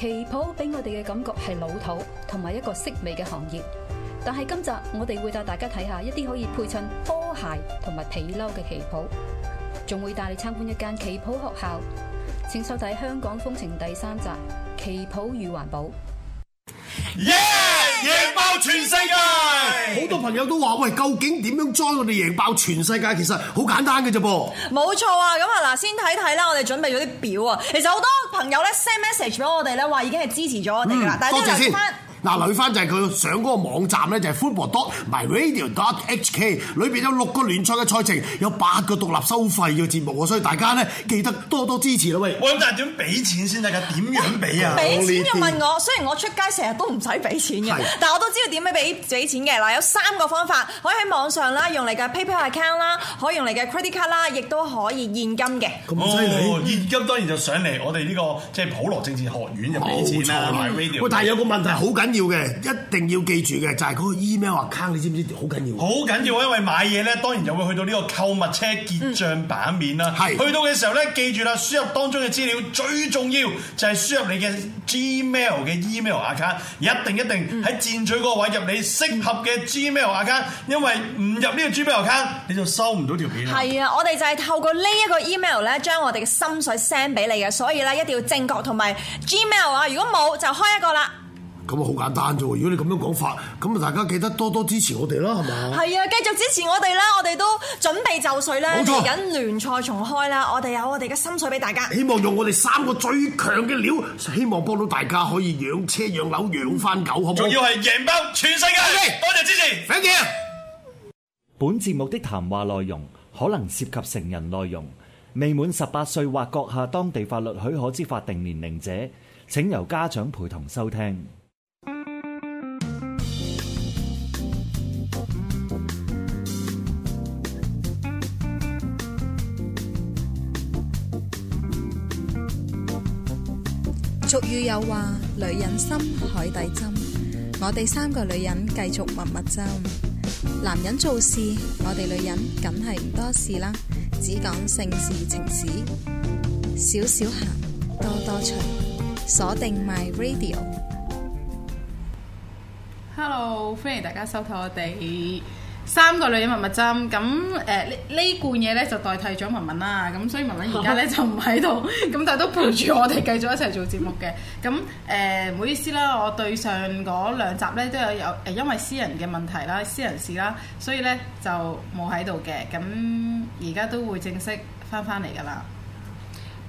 旗袍俾我哋嘅感覺係老土同埋一個色味嘅行業，但係今集我哋會帶大家睇下一啲可以配襯拖鞋同埋皮褸嘅旗袍，仲會帶你參觀一間旗袍學校，請收睇香港風情第三集《旗袍與環保》。Yeah, yeah. 全世界好 多朋友都話喂，究竟點樣裝我哋贏爆全世界？其實好簡單嘅啫噃，冇錯啊。咁啊，嗱，先睇睇啦，我哋準備咗啲表啊。其實好多朋友咧 send message 咗我哋咧，話已經係支持咗我哋噶啦。嗯、但係都睇翻。嗱，嚟翻就係佢上嗰個網站咧，就係 football dot myradio dot hk，裏邊有六個聯賽嘅賽程，有八個獨立收費嘅節目喎，所以大家咧記得多多支持啦喂！咁就係點俾錢先得噶？點樣俾啊？俾 錢就問我， 雖然我出街成日都唔使俾錢嘅，是但我都知道點樣俾俾錢嘅。嗱，有三個方法，可以喺網上啦，用你嘅 PayPal account 啦，可以用你嘅 credit card 啦，亦都可以現金嘅。咁犀利俾現金，當然就上嚟我哋呢個即係普羅政治學院就俾錢啦，myradio。喂，但係有個問題好緊。嗯的要嘅，一定要記住嘅就係、是、嗰個 email account，你知唔知好緊要？好緊要，因為買嘢咧，當然就會去到呢個購物車結帳版面啦。係、嗯、去到嘅時候咧，記住啦，輸入當中嘅資料最重要就係輸入你嘅 Gmail 嘅 email account，一定一定喺最取個位入你適合嘅 Gmail account，因為唔入呢個 Gmail account 你就收唔到條片。係啊，我哋就係透過呢一個 email 咧，將我哋嘅心水 send 俾你嘅，所以咧一定要正確同埋 Gmail 啊。如果冇就開一個啦。咁啊，好簡單啫！如果你咁樣講法，咁啊，大家記得多多支持我哋啦，係嘛？係啊，繼續支持我哋啦！我哋都準備就水咧，嚟緊錯聯賽重開啦，我哋有我哋嘅心水俾大家。希望用我哋三個最強嘅料，希望幫到大家可以養車、養樓、養翻狗，好唔仲要係贏包，全世界！多謝，謝支持 t h 謝本節目的談話內容可能涉及成人內容，未滿十八歲或閣下當地法律許可之法定年齡者，請由家長陪同收聽。又話女人心海底針，我哋三個女人繼續蜜蜜針。男人做事，我哋女人梗係唔多事啦，只講性事情事，少少行，多多唱。鎖定 my radio，Hello，歡迎大家收睇我哋。三個女人蜜蜜針，咁誒呢呢罐嘢咧就代替咗雯雯啦，咁所以雯雯而家咧就唔喺度，咁但係都陪住我哋繼續一齊做節目嘅。咁誒唔好意思啦，我對上嗰兩集咧都有有誒，因為私人嘅問題啦，私人事啦，所以咧就冇喺度嘅。咁而家都會正式翻翻嚟㗎啦。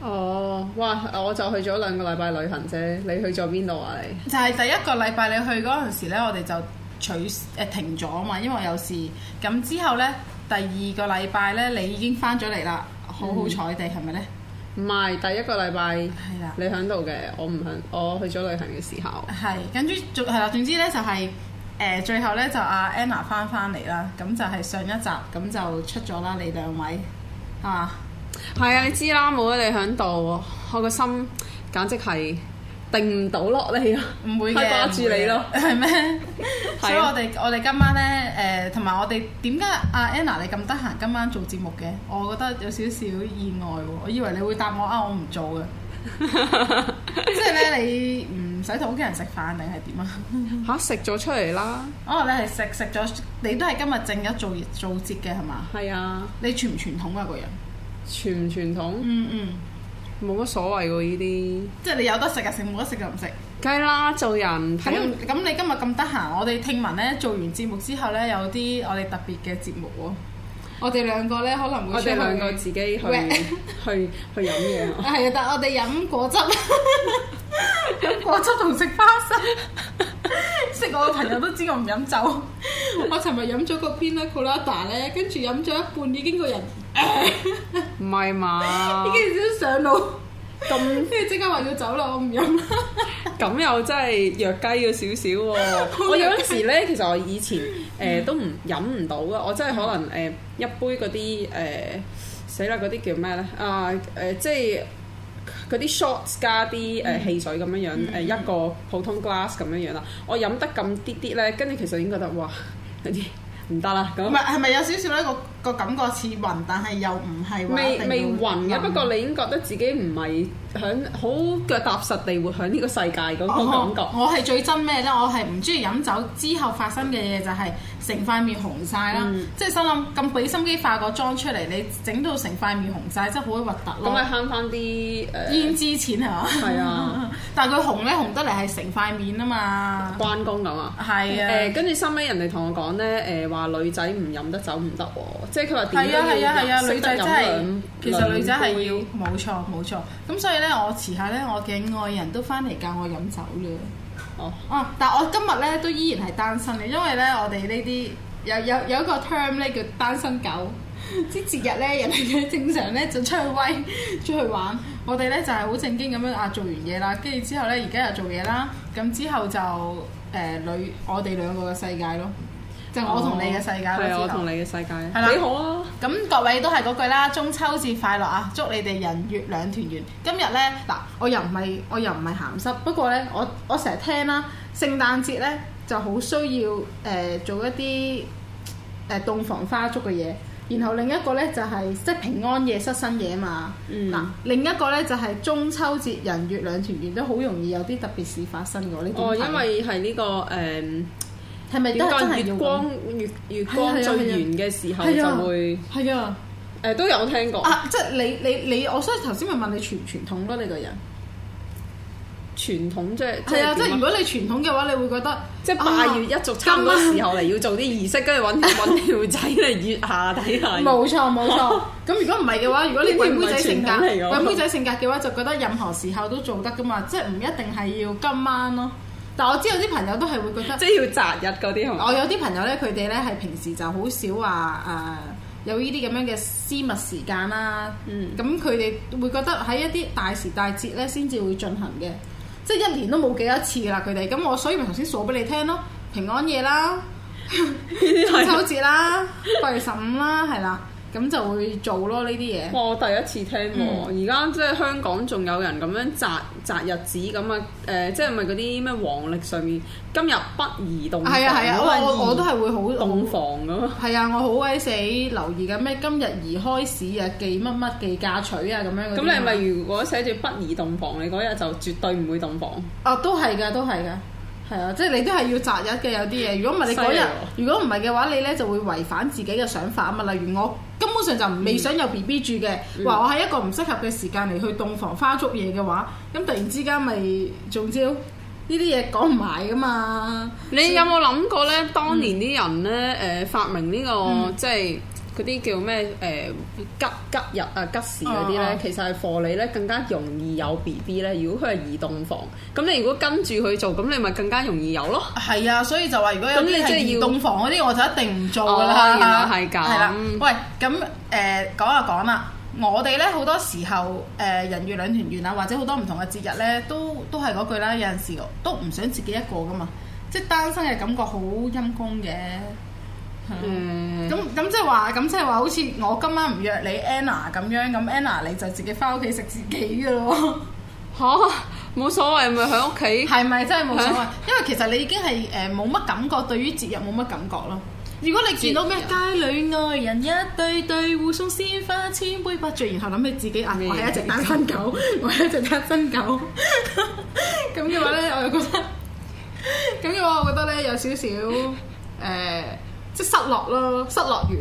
哦，哇！我就去咗兩個禮拜旅行啫，你去咗邊度啊？你就係第一個禮拜你去嗰陣時咧，我哋就。取誒、呃、停咗啊嘛，因為我有事。咁之後呢，第二個禮拜呢，你已經翻咗嚟啦，好好彩地，係咪呢？唔係，第一個禮拜你喺度嘅，的我唔響，我去咗旅行嘅時候。係，跟住係啦，總之呢，就係、是、誒、呃，最後呢，就阿、啊、Anna 翻翻嚟啦，咁就係上一集咁就出咗啦，你兩位啊，係嘛，係啊，的嗯、你知啦，冇咗你喺度，我個心簡直係～定唔到落嚟唔佢幫住你咯。啊，係咩？所以我哋我哋今晚咧，誒同埋我哋點解阿 Anna 你咁得閒今晚做節目嘅？我覺得有少少意外喎，我以為你會答我啊，我唔做嘅。即係咧，你唔使同屋企人食飯定係點啊？吓，食咗出嚟啦！哦，你係食食咗，你都係今日正日做做節嘅係嘛？係啊！你傳唔傳統啊個人？傳唔傳統？ 嗯嗯。冇乜所謂喎呢啲，即係你有得食就食，冇得食就唔食。梗係啦，做人。咁、嗯嗯、你今日咁得閒，我哋聽聞咧做完節目之後咧有啲我哋特別嘅節目喎。我哋兩個咧可能會出去。我哋兩個自己去去 去，去飲嘢。係啊， 但係我哋飲果汁，飲 果汁同食花生。識 我嘅朋友都知我唔飲酒。 我尋日飲咗個冰呢可拉達咧，跟住飲咗一半已經個人。唔係嘛？已經先上腦。咁跟住即刻話要走啦！我唔飲啦。咁又真係弱雞咗少少喎。 雞我有陣時咧，其實我以前誒、呃、都唔飲唔到嘅。我真係可能誒、呃、一杯嗰啲誒死啦嗰啲叫咩咧啊誒即係嗰啲 shots 加啲誒、呃、汽水咁樣樣誒、嗯呃、一個普通 glass 咁樣樣啦。我飲得咁啲啲咧，跟住其實已經覺得哇嗰啲唔得啦。咁係咪係咪有少少咧個，是個感覺似暈，但係又唔係話未未暈嘅。不過你已經覺得自己唔係響好腳踏實地活響呢個世界嗰個感覺。Oh, oh, 我係最憎咩咧？我係唔中意飲酒之後發生嘅嘢，就係成塊面紅晒啦。嗯、即係心諗咁俾心機化個妝出嚟，你到整到成塊面紅晒，真係好核突咯。咁咪慳翻啲胭脂錢係嘛？係 啊， 但係佢紅咧，紅得嚟係成塊面啊嘛，關公咁 啊。係啊、 嗯。誒，後跟住收尾人哋同我講咧，誒話女仔唔飲得酒唔得喎。即係佢話點樣先、啊啊啊、女仔真係？兩兩其實女仔係要冇錯冇錯。咁杯所以咧，我遲下咧，我嘅愛人都翻嚟教我飲酒啦。哦，oh. 啊！但係我今日咧都依然係單身嘅，因為咧我哋呢啲有有有一個 term 咧叫單身狗。即節日咧，人哋正常咧就出去威出去玩，我哋咧就係、是、好正經咁樣啊！做完嘢啦，跟住之後咧，而家又做嘢啦。咁之後就誒、呃、女我哋兩個嘅世界咯。即就我同你嘅世界、哦、世界，係我同你嘅世界，幾好啊！咁各位都係嗰句啦，中秋節快樂啊！祝你哋人月兩團圓。今日咧，嗱，我又唔係我又唔係鹹濕，不過咧，我我成日聽啦，聖誕節咧就好需要誒、呃、做一啲誒洞房花燭嘅嘢，然後另一個咧就係、是、即平安夜失身夜嘛。嗱、嗯，另一個咧就係、是、中秋節人月兩團圓都好容易有啲特別事發生呢哦，因為係呢、這個誒。呃係咪得真月光月月光最圓嘅時候就會係啊，誒、啊啊啊欸、都有聽過啊，即係你你你，我所以頭先咪問你傳傳統咯，你個人傳統即係係啊，即係如果你傳統嘅話，你會覺得即係八月一族差唔多、啊、時候嚟要做啲儀式，跟住揾條仔嚟月下底下。冇錯冇錯，咁 如果唔係嘅話，如果你係妹仔性格，係妹仔性格嘅話，就覺得任何時候都做得噶嘛，即係唔一定係要今晚咯。但我知有啲朋友都係會覺得，即係要擇日嗰啲，係咪？我有啲朋友咧，佢哋咧係平時就好少話誒、呃，有呢啲咁樣嘅私密時間啦。嗯，咁佢哋會覺得喺一啲大時大節咧先至會進行嘅，即係一年都冇幾多次啦。佢哋咁我所以咪頭先數俾你聽咯，平安夜啦，中些 秋節啦， 八月十五啦，係啦。咁就會做咯，呢啲嘢。我第一次聽喎，而家即係香港仲有人咁樣擇擇日子咁啊！誒、呃，即係咪嗰啲咩黃歷上面今日不宜洞房。係啊係啊，我我都係會好洞我房咁。係啊，我好鬼死留意緊咩？今日宜開市啊，忌乜乜忌嫁娶啊，咁樣嗰啲。咁你係咪如果寫住不宜洞房，你嗰日就絕對唔會洞房？啊，都係㗎，都係㗎。係啊，即係你都係要擇日嘅，有啲嘢，如果唔係你嗰日，如果唔係嘅話，你咧就會違反自己嘅想法啊嘛。例如我根本上就未想有 B B 住嘅，話、嗯嗯、我喺一個唔適合嘅時間嚟去洞房花燭夜嘅話，咁突然之間咪中招？呢啲嘢講唔埋噶嘛。你有冇諗過咧？嗯、當年啲人咧，誒、呃、發明呢、呢個即係。嗯就是嗰啲叫咩？誒、呃、吉吉日啊，吉時嗰啲咧，啊、其實係賀你咧更加容易有 B B 咧。如果佢係移動房，咁你如果跟住去做，咁你咪更加容易有咯。係啊，所以就話如果你即係移動房嗰啲，就我就一定唔做噶啦、哦。原來係咁。係啦、啊。喂，咁誒、呃、講下講啦。我哋咧好多時候誒、呃、人月兩團圓啊，或者好多唔同嘅節日咧，都都係嗰句啦。有陣時都唔想自己一個噶嘛，即係單身嘅感覺好陰公嘅。嗯，咁咁即係話，咁即係話，好似我今晚唔約你 Anna 咁樣，咁 Anna 你就自己翻屋企食自己嘅咯，吓，冇所謂咪喺屋企，係咪真係冇所謂？因為其實你已經係誒冇乜感覺，對於節日冇乜感覺咯。如果你見到咩街裏愛人一對對互送鮮花，千杯百醉，然後諗起自己啊，我係一隻單身狗，我係一隻單身狗，咁嘅話咧，我又覺得，咁嘅話我覺得咧有少少誒。即失落咯，失落完，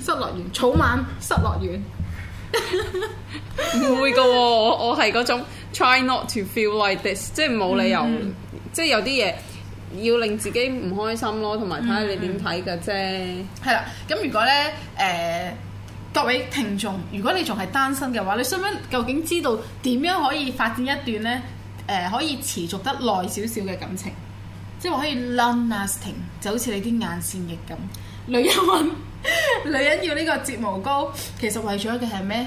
失落完，草蜢失落完，唔 會噶喎。啊，我係嗰種 try not to feel like this，即係冇理由，嗯、即係有啲嘢要令自己唔開心咯，同埋睇下你點睇㗎啫。係啦、嗯，咁、嗯、 如果咧，誒、呃、各位聽眾，如果你仲係單身嘅話，你想唔想究竟知道點樣可以發展一段咧，誒、呃、可以持續得耐少少嘅感情？即係可以 long lasting，就好似你啲眼線液咁。女人 女人要呢個睫毛膏，其實為咗嘅係咩？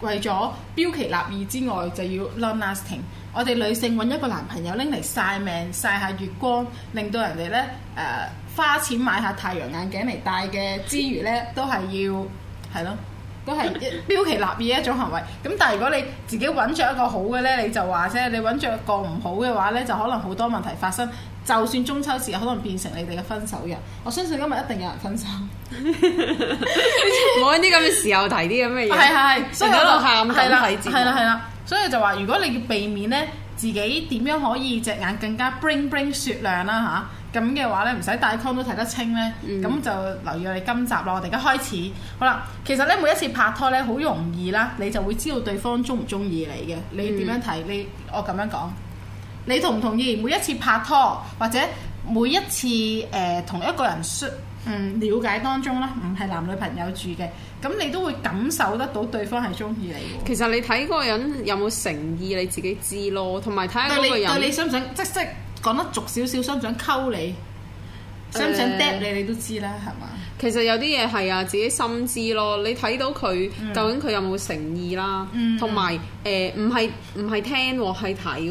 為咗標奇立異之外，就要 long lasting。我哋女性揾一個男朋友拎嚟晒命晒下月光，令到人哋呢，誒、呃、花錢買下太陽眼鏡嚟戴嘅之餘呢，都係要係咯，都係標奇立異一種行為。咁但係如果你自己揾著一個好嘅呢，你就話啫；你揾著一個唔好嘅話呢，就可能好多問題發生。就算中秋節可能變成你哋嘅分手日，我相信今日一定有人分手。冇呢啲咁嘅時候提啲咁嘅嘢，係係係，成日喺度喊，係啦係啦，所以就話如果你要避免咧，自己點樣可以隻眼更加 bling bling 雪亮啦吓，咁、啊、嘅話咧唔使戴框都睇得清咧，咁、嗯、就留意我哋今集啦。我哋而家開始，好啦，其實咧每一次拍拖咧好容易啦，你就會知道對方中唔中意你嘅，你點樣睇你？我咁樣講。你同唔同意每一次拍拖或者每一次誒、呃、同一個人熟，嗯、瞭解當中咧，唔係男女朋友住嘅，咁你都會感受得到對方係中意你。其實你睇個人有冇誠意，你自己知咯。同埋睇下嗰個人你，你想唔想即即講得俗少少，想唔想溝你，想唔想 date 你，你都知啦，係嘛？其實有啲嘢係啊，自己心知咯。你睇到佢、嗯、究竟佢有冇誠意啦，同埋誒唔係唔係聽喎，係睇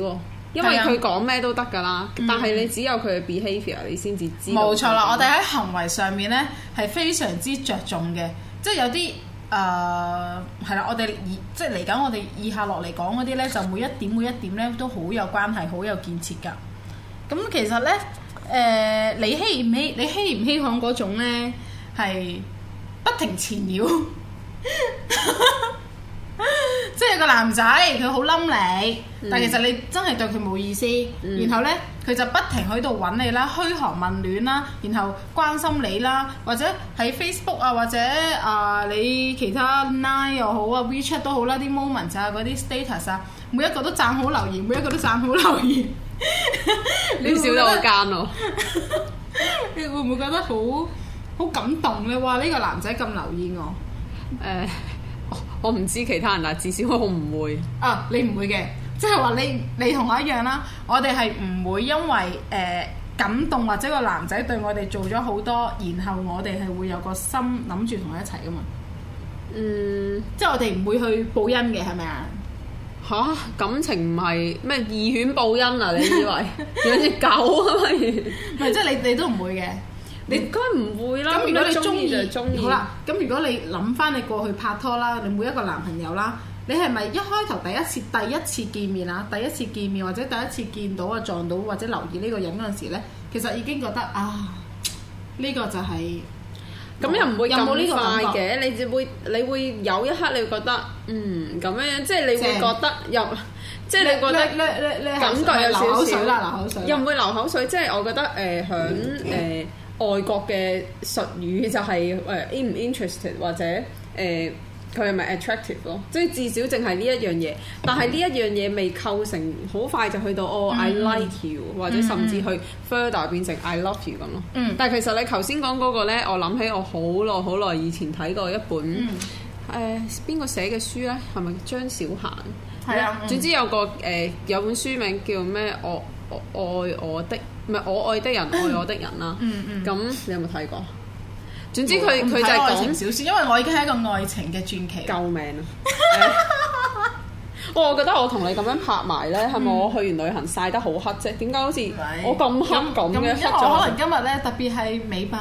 因為佢講咩都得㗎啦，嗯、但係你只有佢嘅 behaviour，你先至知。冇錯啦，我哋喺行為上面呢，係非常之着重嘅，即係有啲誒係啦，我哋以即係嚟緊我哋以下落嚟講嗰啲呢，就每一點每一點呢，都好有關係，好有建設㗎。咁其實呢，誒、呃、你希唔希你希唔希罕嗰種呢，係不停纏繞。 即係個男仔，佢好冧你，嗯、但其實你真係對佢冇意思。嗯、然後呢，佢就不停喺度揾你啦，噓寒問暖啦，然後關心你啦，或者喺 Facebook 啊，或者啊、呃、你其他 Line 又好啊，WeChat 都好啦，啲 moment 啊，嗰啲 status，啊，每一個都讚好留言，每一個都讚好留言。 你少覺得，你得我奸咯？ 你會唔會覺得好好感動咧？哇！呢、呢個男仔咁留意我。誒。 我唔知其他人啦，至少我唔會。啊，你唔會嘅，即係話你你同我一樣啦。我哋係唔會因為誒呃感動或者個男仔對我哋做咗好多，然後我哋係會有個心諗住同佢一齊㗎嘛。嗯，即係我哋唔會去報恩嘅，係咪啊？嚇，感情唔係咩義犬報恩啊？你以為養隻 狗咁啊？唔 係， 即係你你都唔會嘅。你該唔會啦。咁、嗯、如果你中意，就中意。好啦，咁如果你諗翻、嗯、你，你過去拍拖啦，你每一個男朋友啦，你係咪一開頭第一次第一次見面啊？第一次見面或者第一次見到啊撞到或者留意呢個人嗰陣時咧，其實已經覺得啊，呢、哎這個就係、是、咁又唔會冇呢有有個快嘅。你會你會有一刻你會覺得嗯咁樣樣，即、就、係、是、你會覺得又即係你覺得咧咧咧感覺有少少又唔會流口水。即係我覺得誒響誒。 外國嘅術語就係誒 in 唔 interested 或者誒佢係咪 attractive 咯，即係至少淨係呢一樣嘢。嗯、但係呢一樣嘢未構成，好、嗯、快就去到哦、oh，I like you，嗯、或者甚至去 further 變成 I love you 咁咯。嗯。但係其實你頭先講嗰個咧，我諗起我好耐好耐以前睇過一本誒邊個寫嘅書呢？係咪張小嫻？係啊。總之有個誒、呃、有本書名叫咩？我愛我的。唔係我愛的人，愛我的人啦。咁你有冇睇過？總之佢佢就係講愛情小說，因為我已經係一個愛情嘅傳奇。救命啊！我我覺得我同你咁樣拍埋咧，係咪？我去完旅行曬得好黑啫，點解好似我咁黑咁嘅？可能今日咧，特別係美白。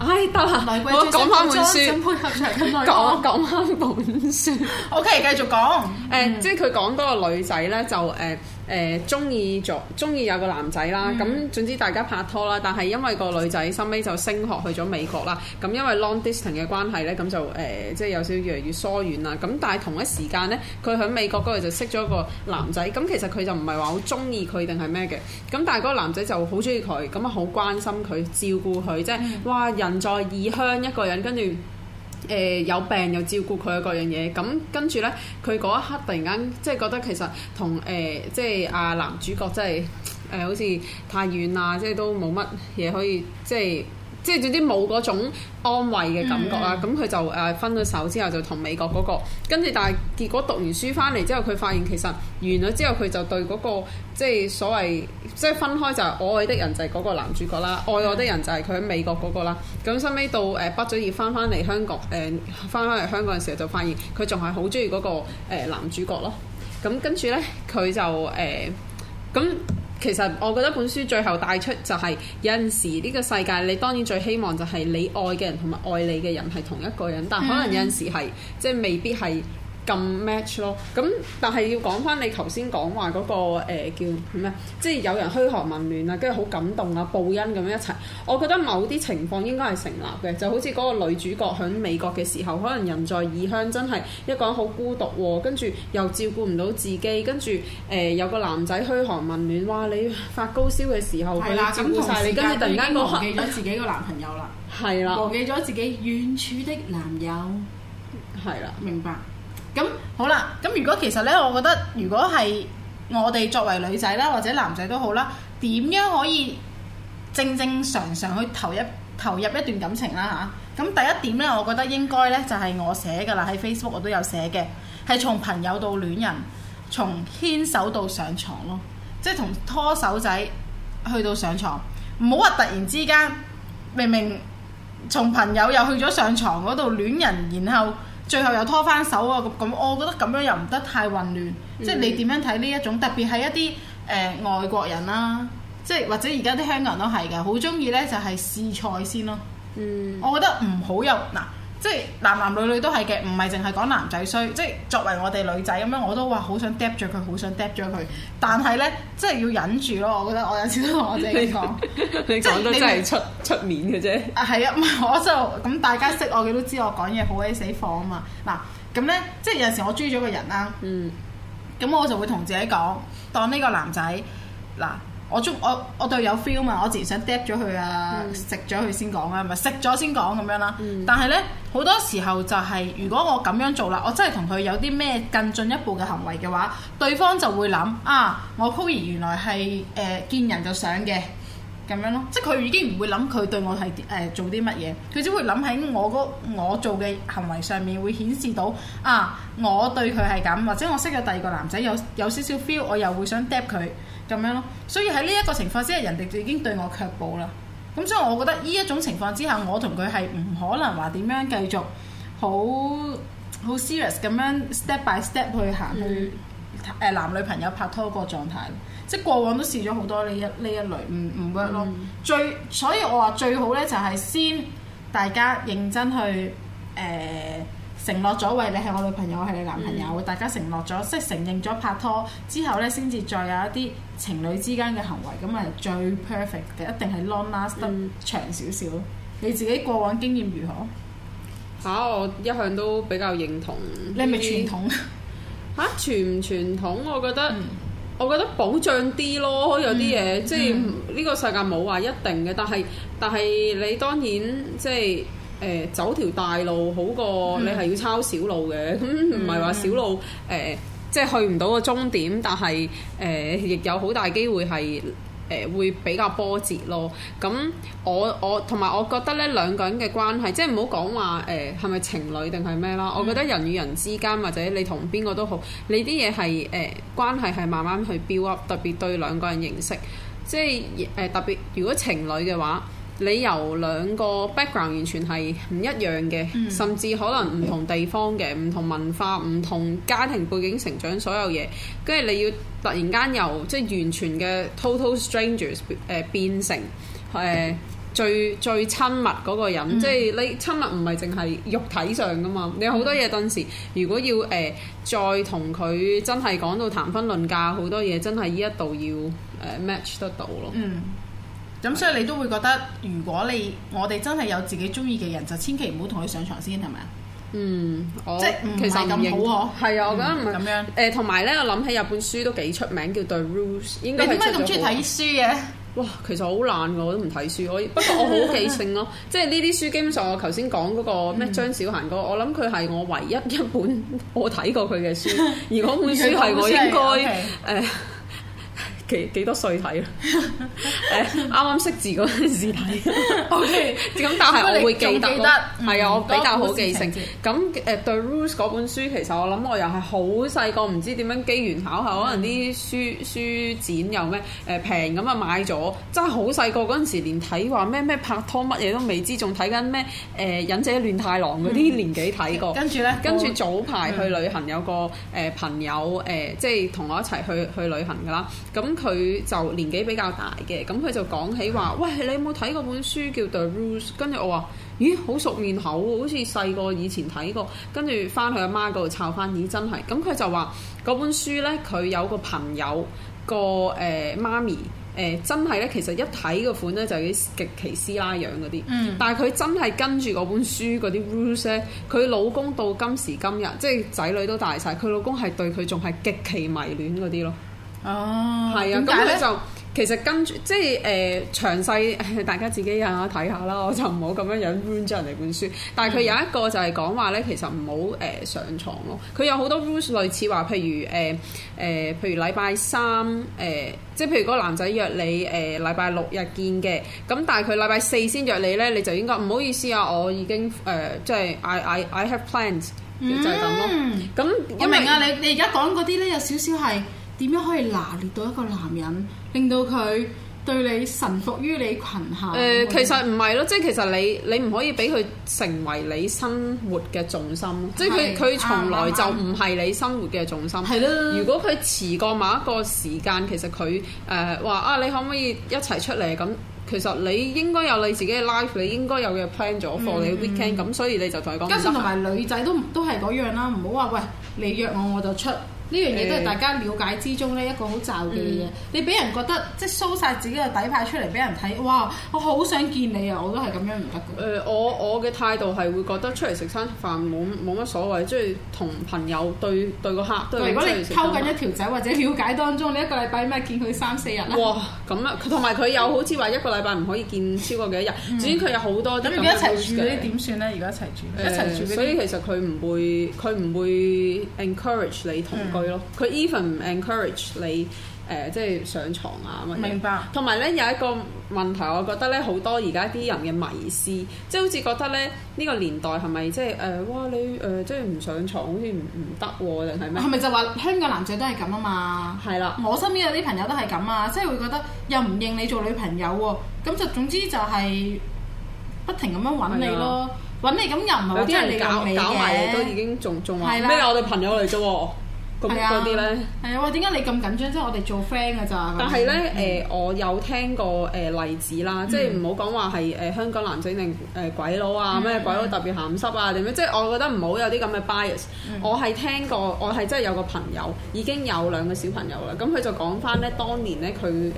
唉，得啦，我講翻本書。講翻本書。OK，繼續講。誒，即係佢講嗰個女仔咧，就誒。誒中意咗，中意、呃、有個男仔啦。咁、嗯、總之大家拍拖啦，但係因為個女仔後尾就升學去咗美國啦。咁因為 long distance 嘅關係呢，咁就誒即係有少少越嚟越疏遠啦。咁但係同一時間呢，佢喺美國嗰度就識咗一個男仔。咁其實佢就唔係話好中意佢定係咩嘅。咁但係嗰個男仔就好中意佢，咁啊好關心佢，照顧佢，即、就、係、是、哇人在異鄉一個人跟住。誒、呃、有病又照顧佢啊各樣嘢，咁跟住咧，佢嗰一刻突然間即係覺得其實同誒、呃、即係阿男主角即係誒好似太遠啦，即係都冇乜嘢可以即係。即係總之冇嗰種安慰嘅感覺啦，咁佢、mm hmm. 就誒分咗手之後就同美國嗰個，跟住但係結果讀完書翻嚟之後，佢發現其實完咗之後佢就對嗰個即係所謂即係分開就係我愛的人就係嗰個男主角啦，愛我的人就係佢喺美國嗰個啦。咁、mm hmm. 後尾到誒畢咗業翻翻嚟香港誒翻翻嚟香港嘅時候，就發現佢仲係好中意嗰個、呃、男主角咯。咁跟住呢，佢就誒咁。呃其實我覺得本書最後帶出就係有陣時呢個世界，你當然最希望就係你愛嘅人同埋愛你嘅人係同一個人，嗯、但可能有陣時係即係未必係。咁 match 咯，咁但係要講翻你頭先講話嗰個誒叫咩？即係有人噓寒問暖啊，跟住好感動啊，報恩咁樣一齊。我覺得某啲情況應該係成立嘅，就好似嗰個女主角喺美國嘅時候，可能人在異鄉真係一個人好孤獨喎，跟住又照顧唔到自己，跟住誒有個男仔噓寒問暖，哇！你發高燒嘅時候，佢照顧曬你，跟住突然間嗰刻忘記咗自己個男朋友啦，係啦的，忘記咗自己遠處的男友，係啦，明白。咁好啦，咁如果其實呢，我覺得如果係我哋作為女仔啦，或者男仔都好啦，點樣可以正正常常去投入投入一段感情啦嚇？咁、啊、第一點呢，我覺得應該呢，就係我寫嘅啦，喺 Facebook 我都有寫嘅，係從朋友到戀人，從牽手到上床咯，即係從拖手仔去到上床。唔好話突然之間明明從朋友又去咗上床嗰度戀人，然後。最後又拖翻手啊，咁咁我覺得咁樣又唔得太混亂，嗯、即係你點樣睇呢一種？特別係一啲誒、呃、外國人啦、啊，即係或者而家啲香港人都係嘅，好中意呢就係試菜先咯。嗯，我覺得唔好有。嗱。即係男男女女都係嘅，唔係淨係講男仔衰。即係作為我哋女仔咁樣，我都話好想 tap 咗佢，好想 tap 咗佢。但係呢，即係要忍住咯。我覺得我有時都同我自己講，你講得真係出出面嘅啫。啊，係啊，我就咁大家識我嘅都知我講嘢好鬼死火啊嘛。嗱咁呢，即係有時我追咗個人啦，咁、嗯嗯、我就會同自己講，當呢個男仔嗱。我中我我對佢有 feel 嘛？我自然想嗒咗佢啊，食咗佢先講啦，咪食咗先講咁樣啦。嗯、但係咧好多時候就係、是，如果我咁樣做啦，我真係同佢有啲咩更進一步嘅行為嘅話，對方就會諗啊，我溝兒原來係誒、呃、見人就想嘅咁樣咯。即係佢已經唔會諗佢對我係誒、呃、做啲乜嘢，佢只會諗喺我我做嘅行為上面會顯示到啊，我對佢係咁，或者我識咗第二個男仔有有少少 feel，我又會想嗒佢。咁樣咯，所以喺呢一個情況之下，人哋就已經對我卻步啦。咁、嗯、所以，我覺得呢一種情況之下，我同佢係唔可能話點樣繼續好好 serious 咁樣 step by step 去行去誒、嗯呃、男女朋友拍拖個狀態。即係過往都試咗好多呢一呢一類，唔唔 work 咯。嗯、最所以，我話最好咧就係、是、先大家認真去誒。呃承諾咗，為你係我女朋友，我係你男朋友，嗯、大家承諾咗，即係承認咗拍拖之後咧，先至再有一啲情侶之間嘅行為，咁啊、嗯、最 perfect 嘅一定係 long last 得長少少。嗯、你自己過往經驗如何？嚇、啊！我一向都比較認同。你係咪傳統啊？傳唔傳統？我覺得、嗯、我覺得保障啲咯，有啲嘢即係呢個世界冇話一定嘅，但係但係你當然即係。誒走條大路好過你係要抄小路嘅。咁唔係話小路誒、嗯呃，即係去唔到個終點，但係誒、呃、亦有好大機會係誒、呃、會比較波折咯。咁我我同埋我覺得咧，兩個人嘅關係，即係唔好講話誒係咪情侶定係咩啦？嗯、我覺得人與人之間或者你同邊個都好，你啲嘢係誒關係係慢慢去 build up，特別對兩個人認識，即係誒、呃、特別如果情侶嘅話。你由兩個 background 完全係唔一樣嘅，mm. 甚至可能唔同地方嘅、唔、mm. 同文化、唔、mm. 同家庭背景成長所有嘢，跟住你要突然間由即係、就是、完全嘅 total strangers 誒、呃、變成誒、呃、最最親密嗰個人，mm. 即係你親密唔係淨係肉體上噶嘛，你好多嘢當時如果要誒、mm. 呃、再同佢真係講到談婚論嫁，好多嘢真係呢一度要誒、呃、match 得到咯。Mm. 咁所以你都會覺得，如果你我哋真係有自己中意嘅人，就千祈唔好同佢上床先，係咪啊？嗯，我即係唔係咁好呵？係啊、嗯，我覺得唔係。咁樣誒，同埋咧，我諗起有本書都幾出名，叫《The Rules》。你點解咁中意睇書嘅？哇，其實好懶㗎，我都唔睇書。我不過我好記性咯、啊， 即係呢啲書基本上我頭先講嗰個咩張小嫻嗰個，我諗佢係我唯一一本我睇過佢嘅書。 而嗰本書係我應該誒。 幾幾多歲睇 啊？誒，啱啱識字嗰陣時睇。O K，咁但係我會記得，係啊、嗯嗯，我比較好記性。咁誒、嗯，對 Rules 嗰本書，其實我諗我又係好細個，唔知點樣機緣巧合，可能啲書嗯嗯書展又咩誒平咁啊買咗。真係好細個嗰陣時連，連睇話咩咩拍拖乜嘢都未知，仲睇緊咩誒忍者亂太郎嗰啲年紀睇過。跟住咧，跟住早排去旅行、嗯、有個誒朋友誒，即係同我一齊去去旅行㗎啦。咁、嗯嗯嗯佢就年紀比較大嘅，咁佢就講起話：嗯、喂，你有冇睇嗰本書叫 The Rules？跟住我話：咦，好熟面口喎，好似細個以前睇過。跟住翻去阿媽嗰度摷翻，咦，真係！咁佢就話嗰本書呢，佢有個朋友個誒、呃、媽咪誒、呃，真係呢。其實一睇個款樣樣、嗯、呢，就啲極其師奶樣嗰啲。但係佢真係跟住嗰本書嗰啲 rules 呢，佢老公到今時今日，即係仔女都大晒。佢老公係對佢仲係極其迷戀嗰啲咯。哦，係啊，咁佢就其實跟住即係誒、呃、詳細大家自己啊睇下啦，我就唔好咁樣樣搣咗人哋本書。嗯、但係佢有一個就係講話咧，其實唔好誒上床咯。佢有好多 rules 類似話，譬如誒誒、呃呃，譬如禮拜三誒，即、呃、係譬如嗰個男仔約你誒禮拜六日見嘅，咁但係佢禮拜四先約你咧，你就應該唔好意思啊，我已經誒、呃、即係 I, I I have plans，、嗯、就係咁咯。咁我明啊，你你而家講嗰啲咧有少少係。因為 點樣可以拿捏到一個男人，令到佢對你臣服於你裙下？誒、呃，其實唔係咯，即係其實你你唔可以俾佢成為你生活嘅重心，是即係佢佢從來就唔係你生活嘅重心。嗯嗯嗯、如果佢遲過某一個時間，其實佢誒話啊，你可唔可以一齊出嚟？咁其實你應該有你自己嘅 life，你應該有嘅 plan 咗 for 你 weekend，咁所以你就同佢講。加上同埋女仔都都係嗰樣啦，唔好話喂，你約我我就出。呢樣嘢都係大家了解之中咧一個好罩嘅嘢。你俾人覺得即係 show 曬自己嘅底牌出嚟俾人睇，哇！我好想見你啊！我都係咁樣唔得嘅。誒，我我嘅態度係會覺得出嚟食餐飯冇冇乜所謂，即係同朋友對對個客。如果你溝緊一條仔或者瞭解當中，你一個禮拜咩見佢三四日啦。哇！咁啊，同埋佢又好似話一個禮拜唔可以見超過幾多日。至於佢有好多，咁你一齊住，你點算咧？而家一齊住，一齊住。所以其實佢唔會佢唔會 encourage 你同。佢 even encourage 你誒、呃，即係上床啊。明白。同埋咧有一個問題，我覺得咧好多而家啲人嘅迷思，即係好似覺得咧呢個年代係咪即係誒？哇！你誒、呃、即係唔上床好似唔唔得定係咩？係咪就話香港男仔都係咁啊嘛？係啦。我身邊有啲朋友都係咁啊，即係會覺得又唔認你做女朋友喎、啊，咁就總之就係不停咁樣揾你咯、啊，揾的你咁又唔係真係你啲人搞搞埋你都已經仲仲話咩？的我哋朋友嚟啫喎。 咁多啲咧？係啊！哇，點解你咁緊張？即係我哋做 friend 㗎咋？但係是咧，誒、嗯呃，我有聽過誒例子啦，即係唔好講話係誒香港男仔定誒鬼佬啊，咩鬼佬特別鹹濕啊點樣？即係、嗯、我覺得唔好有啲咁嘅 bias。嗯、我係聽過，我係真係有個朋友已經有兩個小朋友啦。咁、嗯、佢、嗯、就講翻咧，當年咧佢誒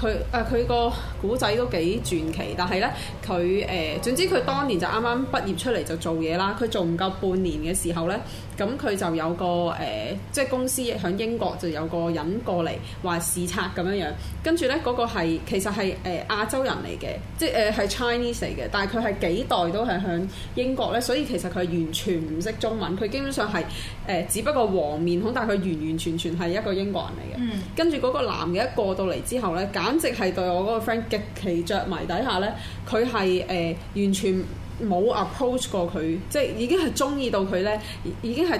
佢誒佢個古仔都幾傳奇，但係咧佢誒總之佢當年就啱啱畢業出嚟就做嘢啦。佢做唔夠半年嘅時候咧。呢咁佢就有個誒、呃，即係公司喺英國就有個人過嚟話視察咁樣樣，跟住呢，嗰、那個係其實係誒、呃、亞洲人嚟嘅，即係誒係、呃、Chinese 嚟嘅，但係佢係幾代都係響英國呢，所以其實佢係完全唔識中文，佢基本上係誒、呃，只不過黃面孔，但係佢完完全全係一個英國人嚟嘅。嗯、跟住嗰個男嘅一過到嚟之後呢，簡直係對我嗰個 friend 極其着迷底下呢，佢係誒完全。冇 approach 過佢，即係已經係中意到佢咧，已經係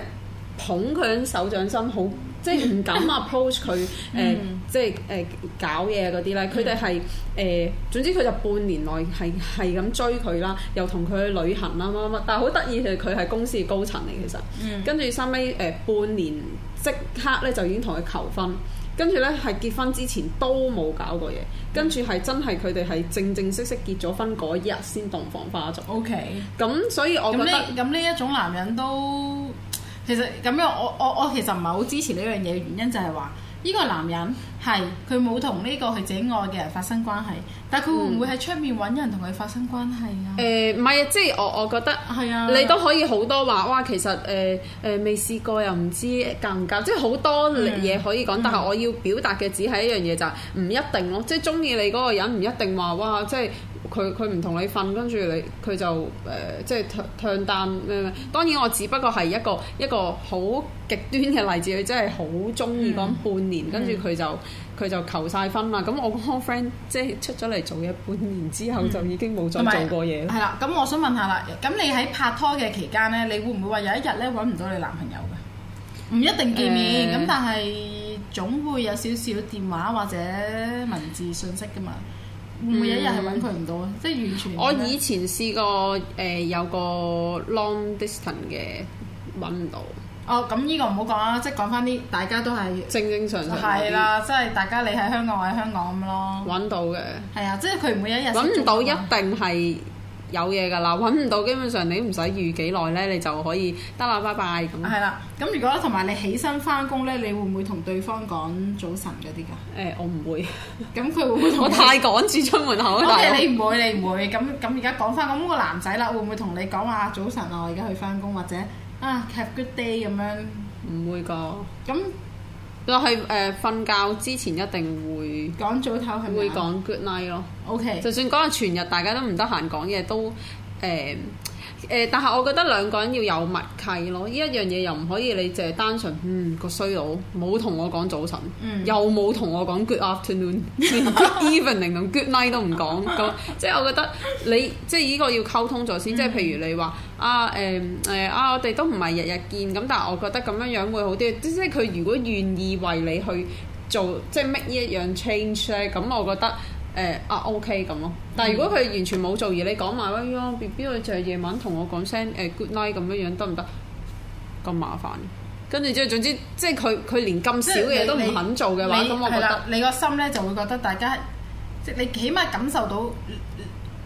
捧佢手掌心，好即係唔敢 approach 佢，誒、 呃、即係誒、呃、搞嘢嗰啲咧。佢哋係誒，總之佢就半年內係係咁追佢啦，又同佢去旅行啦，乜乜乜。但係好得意係佢係公司嘅高層嚟，其實， 跟住收尾誒半年即刻咧就已經同佢求婚。跟住呢，係結婚之前都冇搞過嘢，跟住係真係佢哋係正正式式結咗婚嗰日先洞房花燭。OK，咁所以我覺得咁呢一種男人都其實咁樣，我我我其實唔係好支持呢樣嘢，原因就係話。呢個男人係，佢冇同呢個係自己愛嘅人發生關係，但係佢會唔會喺出面揾人同佢發生關係啊？誒、嗯，唔、呃、係，即係我我覺得係啊，你都可以好多話哇，其實誒誒未試過又唔知夾唔夾，即係好多嘢可以講，嗯嗯、但係我要表達嘅只係一樣嘢就係、係、唔一定咯，即係中意你嗰個人唔一定話哇，即係。佢佢唔同你瞓，跟住你佢就誒、呃，即係抌抌單咩咩。當然我只不過係一個一個好極端嘅例子，佢真係好中意講半年，跟住佢就佢就求晒婚啦。咁、嗯、我個 friend 即係出咗嚟做嘢半年之後，嗯、就已經冇再做過嘢啦。係啦，咁我想問下啦，咁你喺拍拖嘅期間咧，你會唔會話有一日咧揾唔到你男朋友嘅？唔一定見面，咁、呃、但係總會有少少電話或者文字信息噶嘛。唔會一日係揾佢唔到啊！嗯、即係完全。我以前試過誒、呃、有個 long distance 嘅揾唔到。哦，咁呢個唔好講啦，即係講翻啲大家都係正正常常。係啦，即係大家你喺香港，我喺香港咁咯。揾到嘅。係啊，即係佢唔會每一日。揾唔到一定係。有嘢㗎啦，揾唔到基本上你唔使預幾耐咧，你就可以得啦，拜拜咁。係啦，咁、 嗯、如果同埋你起身翻工咧，你會唔會同對方講早晨嗰啲㗎？誒、欸，我唔會。咁佢 會唔會？ 我太趕住出門口，大佬。你唔會，你唔會。咁咁而家講翻，咁個男仔咧會唔會同你講啊早晨啊，我而家去翻工，或者啊 Have a good day 咁樣？唔會㗎。咁。 就係誒瞓覺之前一定會講早唞，係咪？會講 good night 咯。OK，就算講係全日，大家都唔得閒講嘢都誒。呃誒、呃，但係我覺得兩個人要有默契咯，呢一樣嘢又唔可以你就係單純，嗯，個衰佬冇同我講早晨，嗯、又冇同我講 good afternoon、 evening 同 good night 都唔講，即係、 就是、我覺得你即係呢個要溝通咗先，即係譬如你話啊誒誒、呃呃、啊，我哋都唔係日日見咁，但係我覺得咁樣樣會好啲，即係佢如果願意為你去做即係、就是、make 呢一樣 change 咧，咁我覺得。誒、呃、啊 OK 咁咯，但係如果佢完全冇做嘢，嗯、你講埋喂咯，B B 佢就夜晚同我講聲誒、呃、good night 咁樣樣得唔得？咁麻煩，跟住之後總之，即係佢佢連咁少嘢都唔肯做嘅話，咁我覺得你個心咧就會覺得大家即係、就是、你起碼感受到。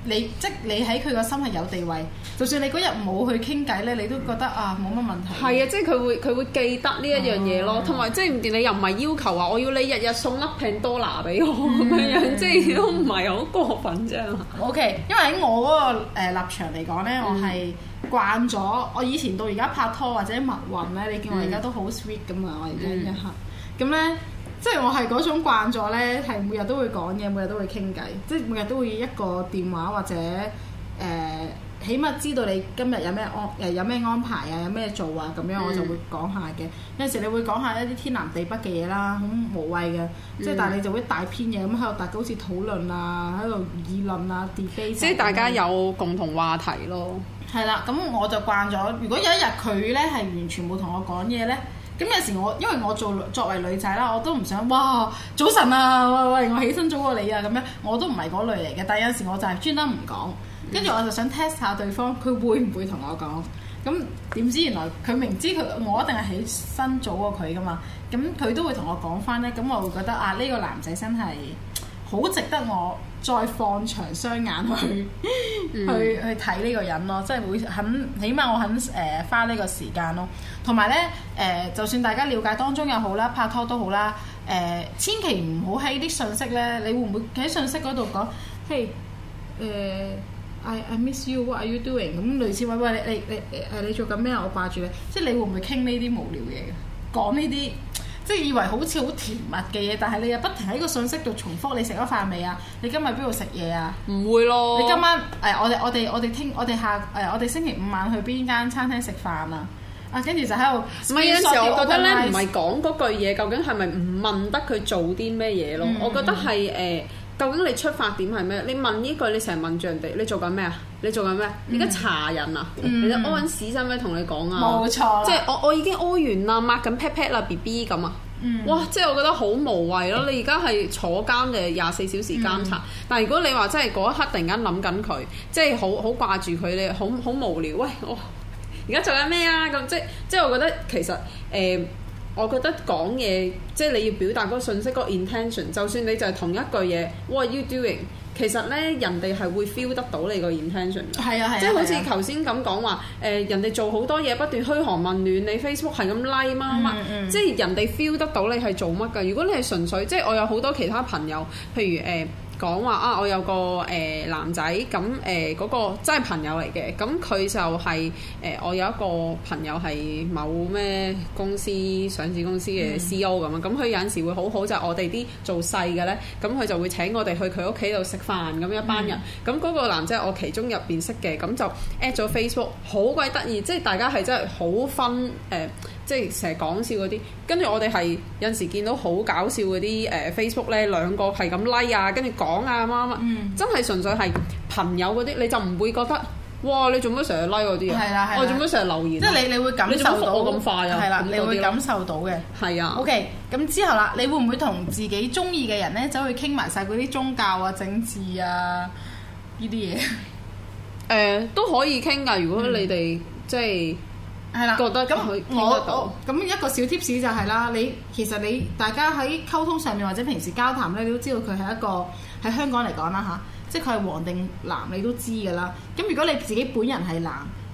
你即係你喺佢個心係有地位，就算你嗰日冇去傾偈咧，你都覺得啊冇乜問題。係啊，即係佢會佢會記得呢一樣嘢咯，同埋、哦、即係唔掂你又唔係要求話我要你日日送粒 Pandora 俾我咁、嗯、樣，嗯、即係都唔係好過分啫。O K，因為喺我嗰個立場嚟講咧，嗯、我係慣咗。我以前到而家拍拖或者蜜運咧，你見我而家都好 sweet 咁啊！我而家一刻咁咧。嗯嗯即係我係嗰種慣咗咧，係每日都會講嘢，每日都會傾偈，即係每日都會一個電話或者誒、呃，起碼知道你今日有咩安誒有咩安排啊，有咩做啊咁樣，我就會講下嘅。嗯、有時你會講下一啲天南地北嘅嘢啦，咁、嗯、無謂嘅，即係、嗯、但係你就會一大篇嘢咁喺度，大家好似討論啊，喺度議論啊，即係大家有共同話題咯。係啦、嗯，咁我就慣咗。如果有一日佢咧係完全冇同我講嘢咧。咁有時我，因為我做作為女仔啦，我都唔想，哇！早晨啊，喂，我起身早過你啊，咁樣我都唔係嗰類嚟嘅。但有時我就係專登唔講，跟住我就想 test 下對方，佢會唔會同我講？咁點知原來佢明知佢我一定係起身早過佢㗎嘛？咁佢都會同我講返咧。咁我會覺得啊，呢個男仔真係好值得我，再放長雙眼去、 嗯、去去睇呢個人咯，即係會肯起碼我肯誒、呃、花呢個時間咯。同埋咧誒，就算大家了解當中又好啦，拍拖都好啦誒、呃，千祈唔好喺啲信息咧，你會唔會喺信息嗰度講，譬如、hey, uh, I, I miss you，what are you doing？咁類似話喂，喂你你誒你，你，你做緊咩啊？我掛住你，即係你會唔會傾呢啲無聊嘢嘅講呢啲？即係以為好似好甜蜜嘅嘢，但係你又不停喺個信息度重複你食咗飯未啊？你今日邊度食嘢啊？唔會咯。你今晚誒、哎、我哋我哋我哋聽我哋下誒、哎、我哋星期五晚去邊間餐廳食飯啊？啊，跟住就喺度。唔係有時我覺得咧，唔係講嗰句嘢，究竟係咪唔問得佢做啲咩嘢咯？嗯嗯，我覺得係誒。呃究竟你出發點係咩？你問呢句，你成日問住人哋，你做緊咩啊？你做緊咩？而家、嗯、查人啊？嗯、你安屎使咩？同你講啊？冇錯，即係我我已經屙完啦，抹緊 pat pat 啦，B B 咁啊，寶寶嗯、哇！即係我覺得好無謂咯。你而家係坐監嘅廿四小時監察，嗯、但係如果你話真係嗰一刻突然間諗緊佢，即係好好掛住佢，你好好無聊喂！我而家做緊咩啊？咁即即係我覺得其實誒。呃我覺得講嘢，即係你要表達嗰個信息，嗰、嗰個 intention。就算你就係同一句嘢，What are you doing？其實呢，人哋係會 feel 得到你個 intention 嘅。係啊係啊，啊即係好似頭先咁講話，人哋做好多嘢，不斷嘘寒問暖，你 Facebook 係咁 like 啊嘛，嗯嗯、即係人哋 feel 得到你係做乜㗎？如果你係純粹，即係我有好多其他朋友，譬如誒。呃講話啊！我有個誒、呃、男仔，咁誒嗰個真係朋友嚟嘅，咁佢就係、係、誒、呃、我有一個朋友係某咩公司上市公司嘅 CEO 咁啊，嗯，咁佢有陣時會好好就係、我哋啲做細嘅咧，咁佢就會請我哋去佢屋企度食飯，咁一班人咁嗰、嗯、個男仔係我其中入邊識嘅，咁就 add 咗 Facebook，好鬼得意，即係大家係真係好分誒。呃即係成日講笑嗰啲，跟住我哋係有陣時見到好搞笑嗰啲誒 Facebook 咧，兩個係咁 like 啊，跟住講啊，乜乜、嗯、真係純粹係朋友嗰啲，你就唔會覺得哇！你做乜成日 like 嗰啲啊？係啦係。我做乜成日留言？即係你你會感受到咁快啊？你會感受到嘅。係啊。OK，咁之後啦，你會唔會同自己中意嘅人咧走去傾埋晒嗰啲宗教啊、政治啊呢啲嘢？誒、嗯、都可以傾㗎，如果你哋即係。嗯係啦，覺得咁我到。咁一個小 tips 就係、係、啦，你其實你大家喺溝通上面或者平時交談咧，你都知道佢係一個喺香港嚟講啦吓，即係佢係黃定藍，你都知㗎啦。咁如果你自己本人係藍，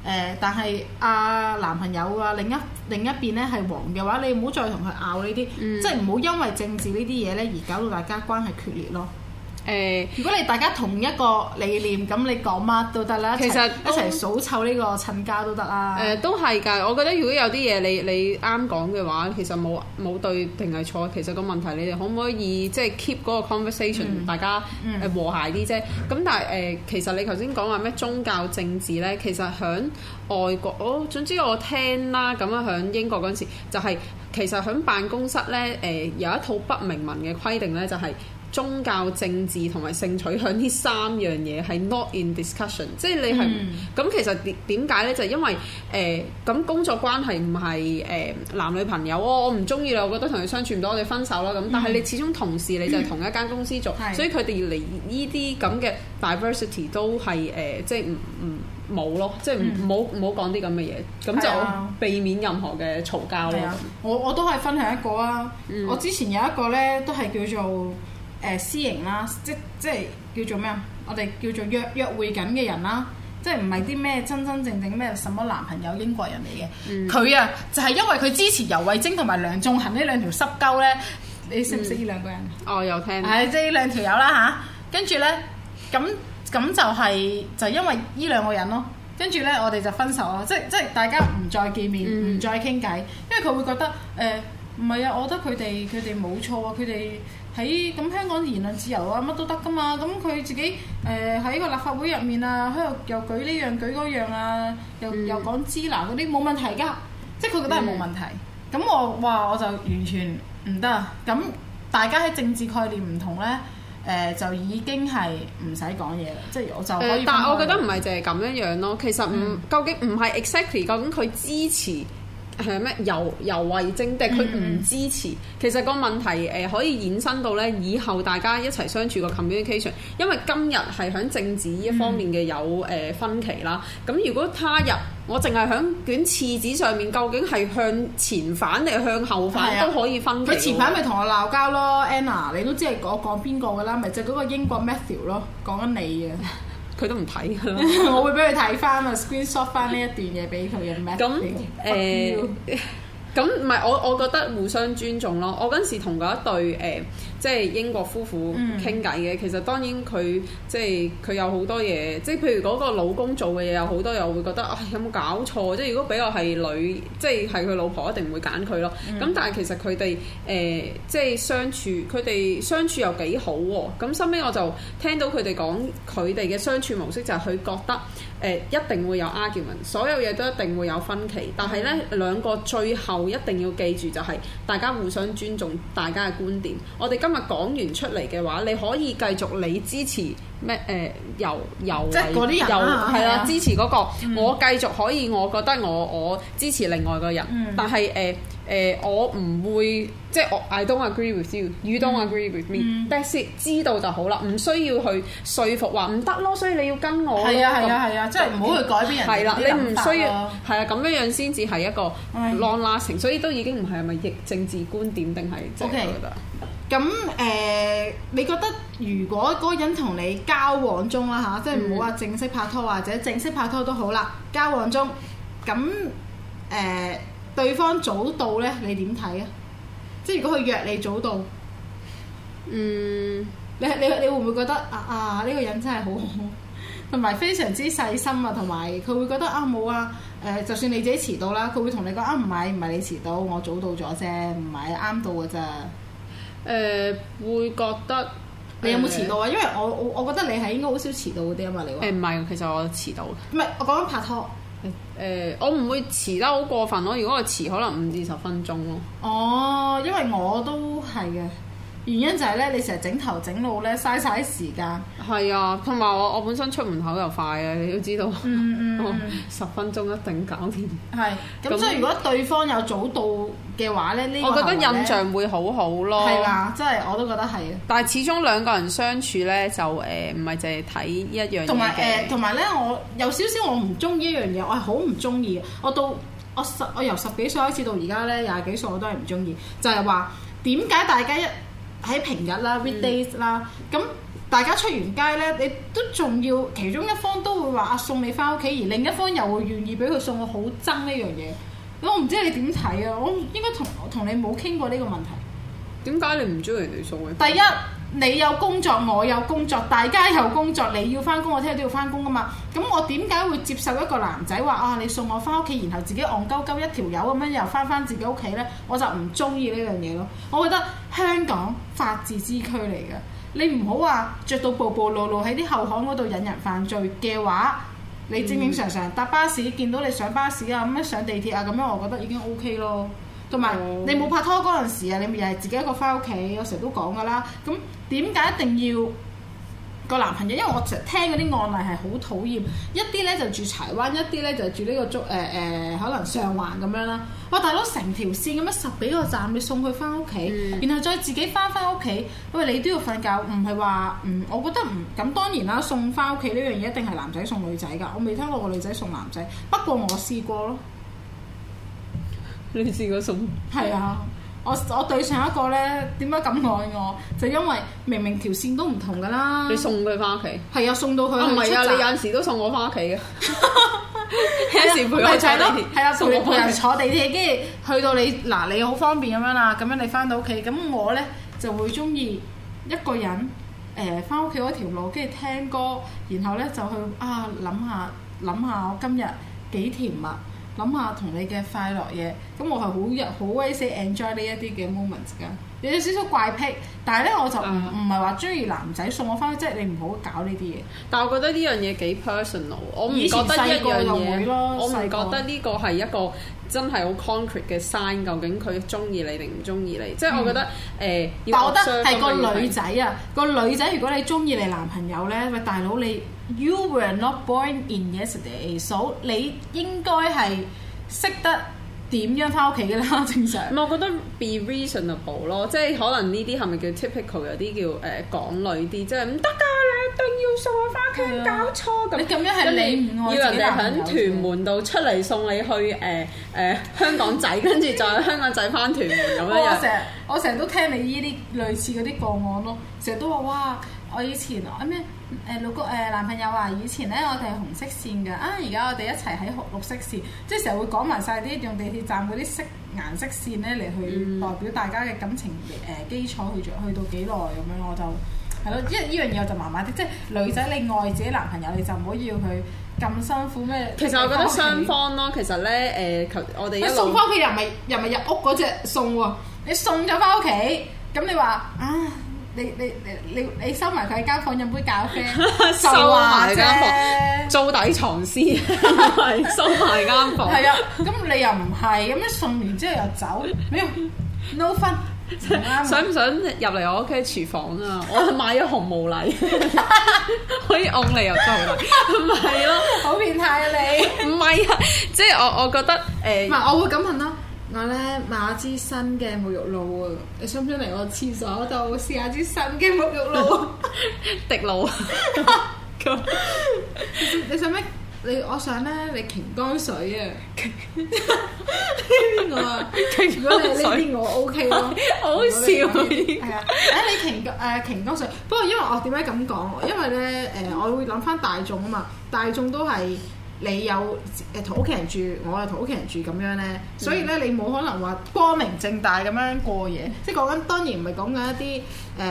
誒，但係阿、啊、男朋友啊另一另一邊咧係黃嘅話，你唔好再同佢拗呢啲，即係唔好因為政治呢啲嘢咧而搞到大家關係決裂咯。誒，呃、如果你大家同一個理念，咁你講乜都得啦，其實一齊數湊呢個親家都得啦。誒、呃，都係㗎，我覺得如果有啲嘢你你啱講嘅話，其實冇冇對定係錯，其實個問題你哋可唔可以即係、就是、keep 嗰個 conversation，、嗯、大家和諧啲啫。咁、嗯、但係誒、呃，其實你頭先講話咩宗教政治咧，其實喺外國，哦。總之我聽啦，咁啊喺英國嗰陣時，就係、是、其實喺辦公室咧，誒、呃、有一套不明文嘅規定咧，就係、是。宗教、政治同埋性取向呢三樣嘢係 not in discussion，即係你係咁、嗯、其實點點解咧？就是、因為誒咁、呃、工作關係唔係誒男女朋友哦，我唔中意啦，我覺得同佢相處唔到，我哋分手啦咁。但係你始終同事，你就係同一間公司做，嗯、所以佢哋嚟呢啲咁嘅 diversity 都係誒、呃，即係唔唔冇咯，即係唔好唔好講啲咁嘅嘢，咁、嗯、就避免任何嘅嘈交咯。我我都係分享一個啊，嗯、我之前有一個咧都係叫做。誒、呃、私營啦、啊，即即係叫做咩啊？我哋叫做約約會緊嘅人啦、啊，即係唔係啲咩真真正正咩什,什麼男朋友英國人嚟嘅？佢、嗯、啊，就係、是、因為佢支持游蕙禎同埋梁頌恆呢兩條濕鳩咧，你識唔識呢兩個人啊、嗯？哦，有聽。係即係呢兩條友啦吓，跟住咧，咁咁就係、是、就是、因為呢兩個人咯，跟住咧我哋就分手啦，即即係大家唔再見面，唔、嗯、再傾偈，因為佢會覺得誒唔係啊，我覺得佢哋佢哋冇錯啊，佢哋。喺咁香港言論自由啊，乜都得噶嘛。咁佢自己誒喺、呃、個立法會入面啊，喺度又，又舉呢、這、樣、個、舉嗰樣啊，又、嗯、又講支男嗰啲冇問題噶，即係佢覺得係冇、嗯、問題。咁我哇我就完全唔得。咁大家喺政治概念唔同呢，誒、呃、就已經係唔使講嘢啦，即係我就、呃、但係我覺得唔係淨係咁樣樣咯。其實唔、嗯、究竟唔係 exactly 究竟佢支持。係咩？由由為政定佢唔支持，嗯、其實個問題誒可以衍生到咧，以後大家一齊相處個 communication，因為今日係響政治呢一方面嘅有誒分歧啦。咁、嗯、如果他日我淨係響卷廁紙上面，究竟係向前反定係向後反都可以分佢、啊、前反咪同我鬧交咯，Anna，你都知係講講邊個㗎啦？咪就嗰、係、個英國 Matthew 咯，講緊你嘅。 佢都唔睇咯，我會俾佢睇翻啊，screen shot 翻呢一段嘢俾佢入咩？咁誒，咁唔係我我覺得互相尊重咯。我嗰陣時同嗰一對誒。嗯即係英國夫婦傾偈嘅，嗯、其實當然佢即係佢有好多嘢，即係譬如嗰個老公做嘅嘢有好多，又會覺得啊、哎、有冇搞錯？即係如果畀我係女，即係係佢老婆一定唔會揀佢咯。咁、嗯、但係其實佢哋誒即係相處，佢哋相處又幾好喎、啊。咁後尾我就聽到佢哋講佢哋嘅相處模式就係佢覺得。呃、一定會有 argument，所有嘢都一定會有分歧。但係呢、嗯、兩個最後一定要記住就係、係，大家互相尊重，大家嘅觀點。我哋今日講完出嚟嘅話，你可以繼續你支持咩？誒、呃呃、由由係啊，啊支持嗰、嗰個，嗯、我繼續可以。我覺得我我支持另外個人，嗯、但係誒。呃誒、呃，我唔會即係我，I don't agree with you，you don't agree with me、嗯。但是知道就好啦，唔需要去說服，話唔得咯，所以你要跟我咯。係啊係啊係啊，即係唔好去改變人。係啦，你唔需要係啊，咁、啊、樣樣先至係一個 long lasting，所以都已經唔係咪逆政治觀點定係？O K，咁誒，你覺得如果嗰個人同你交往中啦嚇、啊，即係唔好話正式拍拖或者正式拍拖都好啦，交往中咁誒。對方早到呢，你點睇啊？即係如果佢約你早到，嗯，你你你會唔會覺得啊啊呢、呢個人真係好，同埋非常之細心啊，同埋佢會覺得啊冇啊，誒、啊呃、就算你自己遲到啦，佢會同你講啊唔係唔係你遲到，我早到咗啫，唔係啱到嘅咋，呃。誒會覺得你有冇遲到啊？呃、因為我我我覺得你係應該好少遲到啲啊嘛，你話唔係，其實我遲到。唔係我講緊拍拖。誒、欸，我唔會遲得好過分咯。如果我遲，可能五至十分鐘咯。哦，因為我都係嘅。原因就係咧，你成日整頭整腦咧，嘥晒啲時間。係啊，同埋我我本身出門口又快啊，你都知道，嗯嗯、 十分鐘一定搞掂。係咁，所以、嗯、如果對方有早到嘅話咧，呢個、話呢個我覺得印象會好好咯。係啦、啊，真係我都覺得係。但係始終兩個人相處咧，就誒唔係淨係睇一樣嘢。同埋誒，同埋咧，我有少少我唔中意一樣嘢，我係好唔中意。我到我十我由十幾歲開始到而家咧，廿幾歲我都係唔中意，就係話點解大家一。喺平日啦，weekdays 啦，咁、嗯、大家出完街呢，你都仲要其中一方都會話啊送你返屋企，而另一方又會願意俾佢送我，我好憎呢樣嘢。咁我唔知你點睇啊？我應該同我同你冇傾過呢個問題。點解你唔中意人哋送嘅？第一。你有工作，我有工作，大家有工作，你要翻工，我聽日都要翻工噶嘛。咁我點解會接受一個男仔話啊，你送我翻屋企，然後自己戇鳩鳩一條友咁樣又翻翻自己屋企呢？我就唔中意呢樣嘢咯。我覺得香港法治之區嚟嘅，你唔好話着到暴暴露露喺啲後巷嗰度引人犯罪嘅話，嗯、你正正常常搭巴士見到你上巴士啊，咁樣上地鐵啊，咁樣我覺得已經 O、OK、K 咯。同埋、嗯、你冇拍拖嗰陣時啊，你咪又係自己一個翻屋企，我成日都講噶啦。咁點解一定要個男朋友？因為我成日聽嗰啲案例係好討厭，一啲咧就住柴灣，一啲咧就住呢個中誒誒，可能上環咁樣啦。哇！大佬成條線咁樣十幾個站，你送佢翻屋企，然後再自己翻翻屋企，喂，你都要瞓覺，唔係話嗯，我覺得唔咁、嗯、當然啦，送翻屋企呢樣嘢一定係男仔送女仔噶，我未聽過個女仔送男仔。不過我試過咯，你試過送？係啊。我我對上一個咧點解咁愛我，就因為明明條線都唔同㗎啦。你送佢返屋企。係上一號啊，送到佢唔出站。係啊、喔，你有陣時都送我返屋企嘅。有陣時陪我返屋企。係上一號啊，送我陪人坐地鐵，跟住去到你嗱你好方便咁樣啦，咁樣你返到屋企，咁我咧就會鍾意一個人誒返屋企嗰條路，跟住聽歌，然後咧就去啊諗下諗下我今日幾甜蜜啊。諗下同你嘅快樂嘢，咁我係好日好威 enjoy 呢一啲嘅 moments 噶，有少少怪癖，但係咧我就唔唔係話中意男仔送我返去，即係你唔好搞呢啲嘢。但係我覺得呢樣嘢幾 personal，我唔覺得一樣嘢，我唔覺得呢個係一個真係好 concrete 嘅 sign，究竟佢中意你定唔中意你？即係我覺得誒，嗯呃，我覺得係個女仔啊，個女仔如果你中意你男朋友咧，喂大佬你。You were not born in yesterday, so 你應該係識得點樣翻屋企嘅啦，正常。唔係、嗯，我覺得 be reasonable 咯、呃，即係可能呢啲係咪叫 typical？有啲叫誒港女啲，即係唔得㗎，你一定要送我翻屋企，搞錯咁。你咁樣係你唔愛要人哋喺屯門度出嚟送你去誒誒、呃呃、香港仔，跟住再香港仔翻屯門咁樣。我成我成日都聽你呢啲類似嗰啲個案咯，成日都話哇，我以前啊咩？誒老公誒男朋友話：以前咧我哋係紅色線㗎，啊而家我哋一齊喺綠色線，即係成日會講埋晒啲用地鐵站嗰啲色顏色線咧嚟去代表大家嘅感情誒基礎去去到幾耐咁樣，嗯、我就係咯，一依樣嘢就麻麻啲，即係女仔你愛自己男朋友，你就唔好要佢咁辛苦咩？其實我覺得雙方咯，其實咧誒、呃，我哋送翻屋企又唔係又唔係入屋嗰隻送喎，你送咗翻屋企，咁你話啊？嗯你你你你你收埋佢間房飲杯咖啡，收埋間房，做底藏屍，收埋間房。係啊，咁你又唔係，咁樣送完之後又走，no fun，唔啱、啊。想唔想入嚟我屋企廚房啊？我買咗紅毛泥， 可以按你又得。唔係咯，好變態啊你！唔係啊，即係我我覺得誒，唔、呃、係我會噉問啦、啊。我咧買支新嘅沐浴露啊！你想唔想嚟我廁所度試下支新嘅沐浴露？滴露，你想咩？ 你我想咧，你鉛江水啊！ 你，啊如果你邊個、OK 啊？鉛江水，你邊個 OK 咯？好笑啊！啊， 誒 你鉛誒鉛江水，不過因為我點解咁講？因為咧誒，我會諗翻大眾啊嘛，大眾都係。你有誒同屋企人住，我又同屋企人住咁樣咧，嗯、所以咧你冇可能話光明正大咁樣過夜，即係講緊當然唔係講緊一啲誒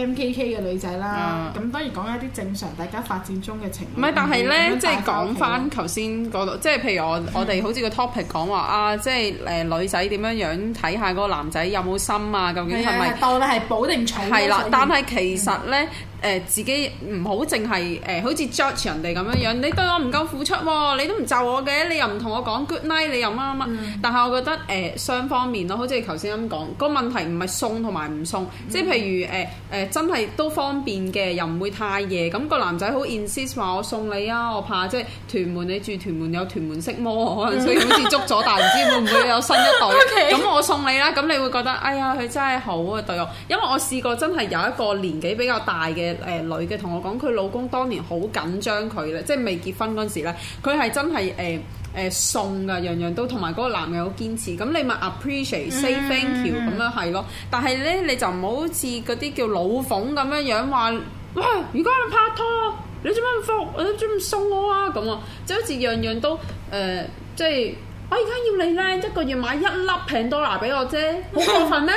M K K 嘅女仔啦，咁、嗯、當然講緊一啲正常大家發展中嘅情。唔係，但係咧，即係講翻頭先嗰度，即係譬如我我哋好似個 topic 講話啊，即係誒女仔點樣樣睇下嗰個男仔有冇心啊，究竟係咪當你係草定寶係啦，的以但係其實咧。嗯誒自己唔、呃、好淨係誒好似 judge 人哋咁樣樣，你對我唔夠付出喎、哦，你都唔就我嘅，你又唔同我講 good night，你又乜乜乜。嗯、但係我覺得誒、呃、雙方面咯，好似你頭先咁講，個問題唔係送同埋唔送，嗯、即係譬如誒誒、呃呃、真係都方便嘅，又唔會太夜。咁、那個男仔好 insist 話我送你啊，我怕即係、就是、屯門，你住屯門有屯門色魔可、啊、能，所以好似捉咗，但唔、嗯、 知會唔會有新一代。咁 Okay.、嗯、我送你啦，咁你會覺得哎呀佢真係好啊對我，因為我試過真係有一個年紀比較大嘅。誒女嘅同我講，佢老公當年好緊張佢咧，即係未結婚嗰陣時咧，佢係真係誒誒送噶，樣樣都同埋嗰個男嘅好堅持。咁你咪 appreciate，say thank you 咁、嗯嗯、樣係咯。但係咧，你就唔好好似嗰啲叫老鳳咁樣樣話，哇！如果你拍拖，你做乜唔送？你做乜唔送我啊？咁啊，即係好似樣樣都誒、呃，即係我而家要你咧，一個月買一粒 Pandora 俾 我啫，好過分咩？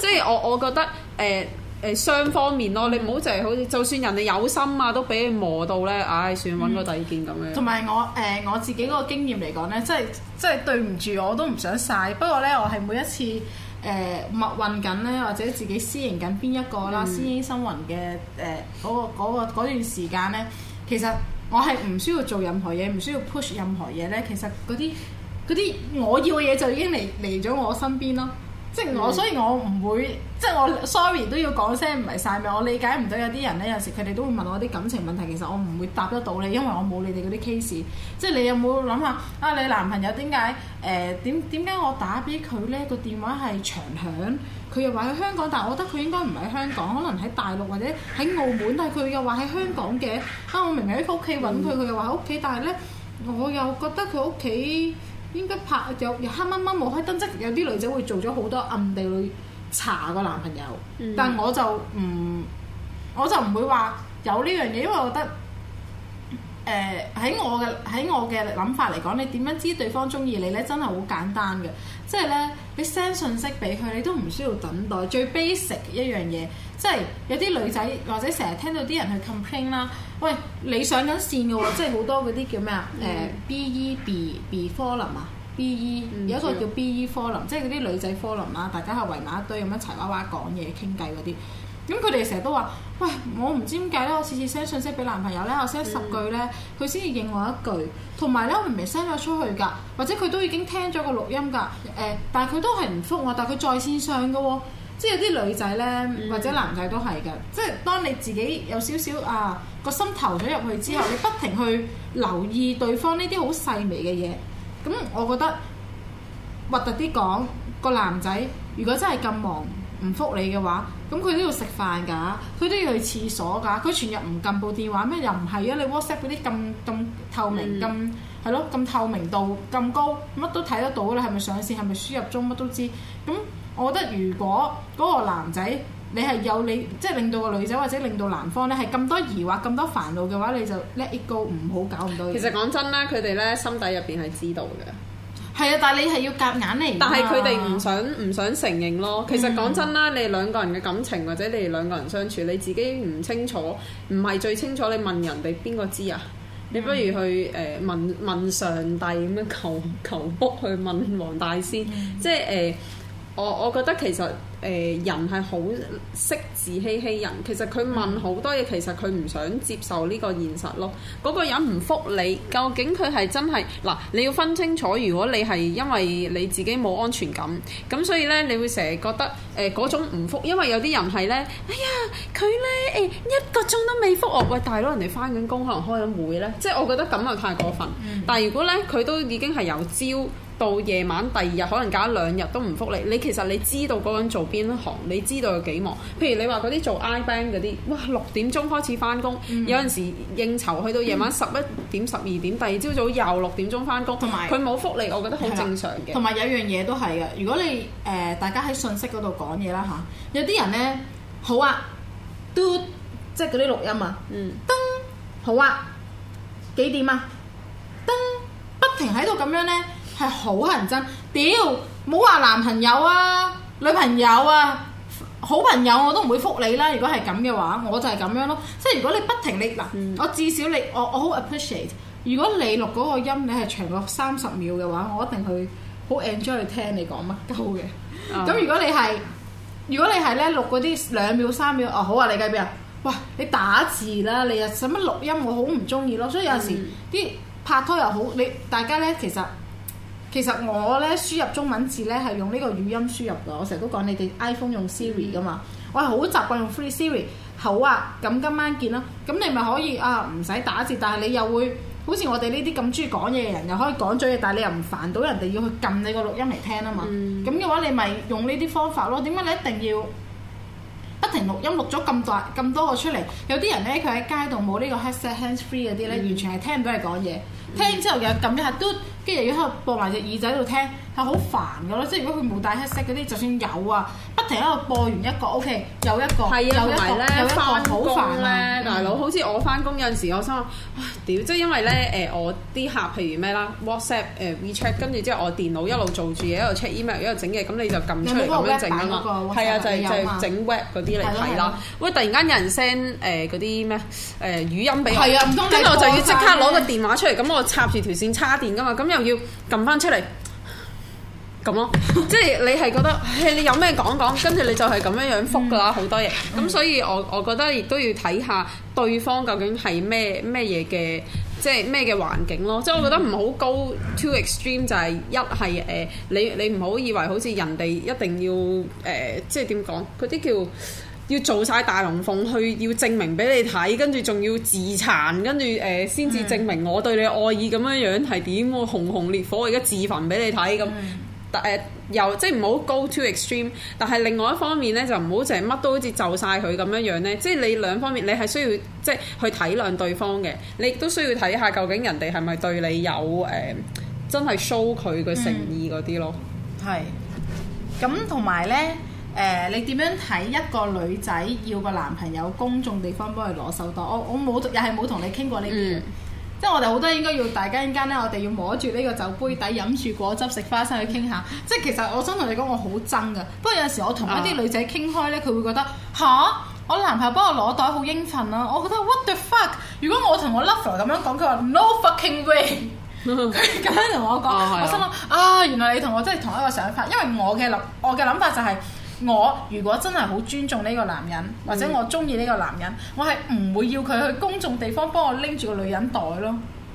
即係我我覺得誒。呃誒雙方面咯，你唔好就係好似，就算人哋有心啊，都俾你磨到咧，唉、哎，算揾個、嗯、第二件咁樣、嗯。同埋我誒、呃、我自己個經驗嚟講咧，真係真係對唔住我都唔想嘥。不過咧，我係每一次誒物、呃、運緊咧，或者自己私營緊邊一個啦，私營星雲嘅誒嗰個嗰、那個那個、段時間咧，其實我係唔需要做任何嘢，唔需要 push 任何嘢咧，其實嗰啲啲我要嘅嘢就已經嚟嚟咗我身邊咯。即係我，嗯、所以我唔會，即係我 sorry 都要講聲唔係晒命。我理解唔到有啲人咧，有時佢哋都會問我啲感情問題，其實我唔會答得到你，因為我冇你哋嗰啲 case。即係你有冇諗下啊？你男朋友點解誒點點解我打俾佢咧個電話係長響？佢又話喺香港，但係我覺得佢應該唔喺香港，可能喺大陸或者喺澳門，但係佢又話喺香港嘅。啊，我明明喺佢屋企揾佢，佢、嗯、又話喺屋企，但係咧我又覺得佢屋企。應該拍有有黑掹掹冇開燈，即有啲女仔會做咗好多暗地去查個男朋友，嗯、但我就唔，我就唔會話有呢樣嘢，因為我覺得，誒、呃、喺我嘅喺我嘅諗法嚟講，你點樣知對方中意你呢？真係好簡單嘅，即係呢：你 send 信息俾佢，你都唔需要等待，最 basic 一樣嘢。即係有啲女仔或者成日聽到啲人去 complain 啦，喂，你上緊線嘅喎，即係好多嗰啲叫咩啊？誒，B E B B forum 啊，B E 有一個叫 B E forum，嗯、即係嗰啲女仔 forum 啦，大家係圍埋一堆咁樣齊哇哇講嘢傾偈嗰啲，咁佢哋成日都話，喂，我唔知點解咧，我次次 send 信息俾男朋友咧，我 send 十句咧，佢先至認我一句，同埋咧我明明 send 咗出去㗎，或者佢都已經聽咗個錄音㗎，誒、呃，但係佢都係唔覆我，但係佢在線上嘅喎。即係有啲女仔呢，或者男仔都係嘅。嗯、即係當你自己有少少啊個心投咗入去之後，你不停去留意對方呢啲好細微嘅嘢。咁、嗯、我覺得核突啲講個男仔，如果真係咁忙唔復你嘅話，咁佢都要食飯㗎，佢都要去廁所㗎，佢全日唔撳部電話咩？又唔係啊？你 WhatsApp 嗰啲咁咁透明，咁係咯，咁透明度咁高，乜都睇得到。你係咪上線？係咪輸入中？乜都知咁。我覺得如果嗰個男仔你係有你即係令到個女仔或者令到男方你係咁多疑惑咁多煩惱嘅話，你就 let it go，唔好搞咁多嘢、啊。其實講真啦，佢哋咧心底入邊係知道嘅。係啊，但係你係要夾硬嚟。但係佢哋唔想唔想承認咯。其實講真啦，你兩個人嘅感情或者你哋兩個人相處，你自己唔清楚，唔係最清楚。你問人哋邊個知啊？你不如去誒、呃、問問上帝咁樣求求卜，求卜去問黃大仙，嗯、即係誒。呃我我覺得其實誒、呃、人係好識自欺欺人，其實佢問好多嘢，其實佢唔想接受呢個現實咯。嗰、嗰個人唔覆你，究竟佢係真係嗱？你要分清楚，如果你係因為你自己冇安全感，咁所以呢，你會成日覺得誒嗰、呃、種唔覆，因為有啲人係呢：「哎呀佢呢，誒一個鐘都未覆我喂，大佬，人哋返緊工，可能開緊會呢，即係我覺得咁啊太過分。但係如果呢，佢都已經係有招。到夜晚第二日可能隔兩日都唔覆你，你其實你知道嗰個人做邊行，你知道有幾忙。譬如你話嗰啲做 iBank 嗰啲，哇六點鐘開始翻工，嗯、有陣時應酬去到夜晚十一點十二、嗯、點，第二朝早又六點鐘翻工，佢冇福利，我覺得好正常嘅。同埋、啊、有樣嘢都係嘅，如果你誒、呃、大家喺信息嗰度講嘢啦嚇，有啲人呢，好啊，嘟，即係嗰啲錄音啊，噔、嗯、好啊幾點啊，噔不停喺度咁樣呢。係好乞人憎，屌冇話男朋友啊、女朋友啊、好朋友我都唔會覆你啦。如果係咁嘅話，我就係咁樣咯。即係如果你不停你嗱，我至少你我我好 appreciate。如果你錄嗰個音你係長過三十秒嘅話，我一定去好 enjoy 聽你講乜鳩嘅。咁如果你係如果你係咧錄嗰啲兩秒三秒，哦好啊，你介唔介意啊？哇，你打字啦，你又使乜錄音？我好唔中意咯。所以有陣時啲拍拖又好，你大家咧其實。其實我咧輸入中文字咧係用呢個語音輸入㗎，我成日都講你哋 iPhone 用 Siri 㗎嘛，嗯、我係好習慣用 Free Siri。好啊，咁今晚見啦。咁你咪可以啊，唔使打字，但係你又會好似我哋呢啲咁中意講嘢嘅人，又可以講咗嘢，但係你又唔煩到人哋要去撳你個錄音嚟聽啊嘛。咁嘅、嗯、話你咪用呢啲方法咯。點解你一定要不停錄音錄咗咁多咁多個出嚟？有啲人咧佢喺街度冇呢個 headset hands free 嗰啲咧，嗯、完全係聽唔到你講嘢，嗯、聽之後又撳一下嘟。跟住又要喺度播埋隻耳仔度聽，係好煩噶咯。即係如果佢冇帶黑色嗰啲，就算有啊，不停喺度播完一個 O K，有一個，有一個，有一個，好煩呢！大佬，好似我翻工有陣時，我心諗，唉，屌！即係因為咧誒，我啲客譬如咩啦，WhatsApp 誒 WeChat，跟住之後我電腦一路做住嘢，一路 check email，一路整嘢，咁你就撳出嚟咁樣整啊嘛。係啊，就係就係整 web 嗰啲嚟睇啦。喂，突然間有人 send 誒嗰啲咩誒語音俾我，跟住我就要即刻攞個電話出嚟，咁我插住條線叉電噶嘛，咁。又要撳翻出嚟咁咯， 即係你係覺得，唉，你有咩講講，跟住你就係咁樣樣覆㗎喇，好、嗯、多嘢。咁、嗯嗯、所以我我覺得亦都要睇下對方究竟係咩咩嘢嘅，即係咩嘅環境咯。嗯、即係我覺得唔好 go，too extreme 就係一係誒、呃，你你唔好以為好似人哋一定要誒、呃，即係點講，嗰啲叫。要做晒大龍鳳去，要證明俾你睇，跟住仲要自殘，跟住誒先至證明我對你愛意咁樣樣係點喎？熊熊烈火，而家自焚俾你睇咁，誒、嗯呃、又即係唔好 go too extreme。但係另外一方面咧，就唔好成日乜都好似就晒佢咁樣樣咧。即係你兩方面，你係需要即係去體諒對方嘅，你亦都需要睇下究竟人哋係咪對你有誒、呃、真係 show 佢嘅誠意嗰啲、嗯、咯。係咁，同埋咧。誒、呃，你點樣睇一個女仔要個男朋友公眾地方幫佢攞手袋？我我冇，又係冇同你傾過呢邊。嗯、即係我哋好多應該要大家一間咧，我哋要摸住呢個酒杯底，飲住果汁，食花生去傾下。嗯、即係其實我想同你講，我好憎㗎。不過有陣時我同一啲女仔傾開咧，佢會覺得吓、啊？我男朋友幫我攞袋好應分啦、啊。我覺得 what the fuck！如果我同我 lover 咁樣講，佢話 no fucking way！佢咁 樣同我講，啊、我心諗啊，啊，原來你同我真係同一個想法。因為我嘅諗，我嘅諗法就係、是。我如果真係好尊重呢個男人，或者我中意呢個男人，我係唔會要佢去公眾地方幫我拎住個女人袋咯。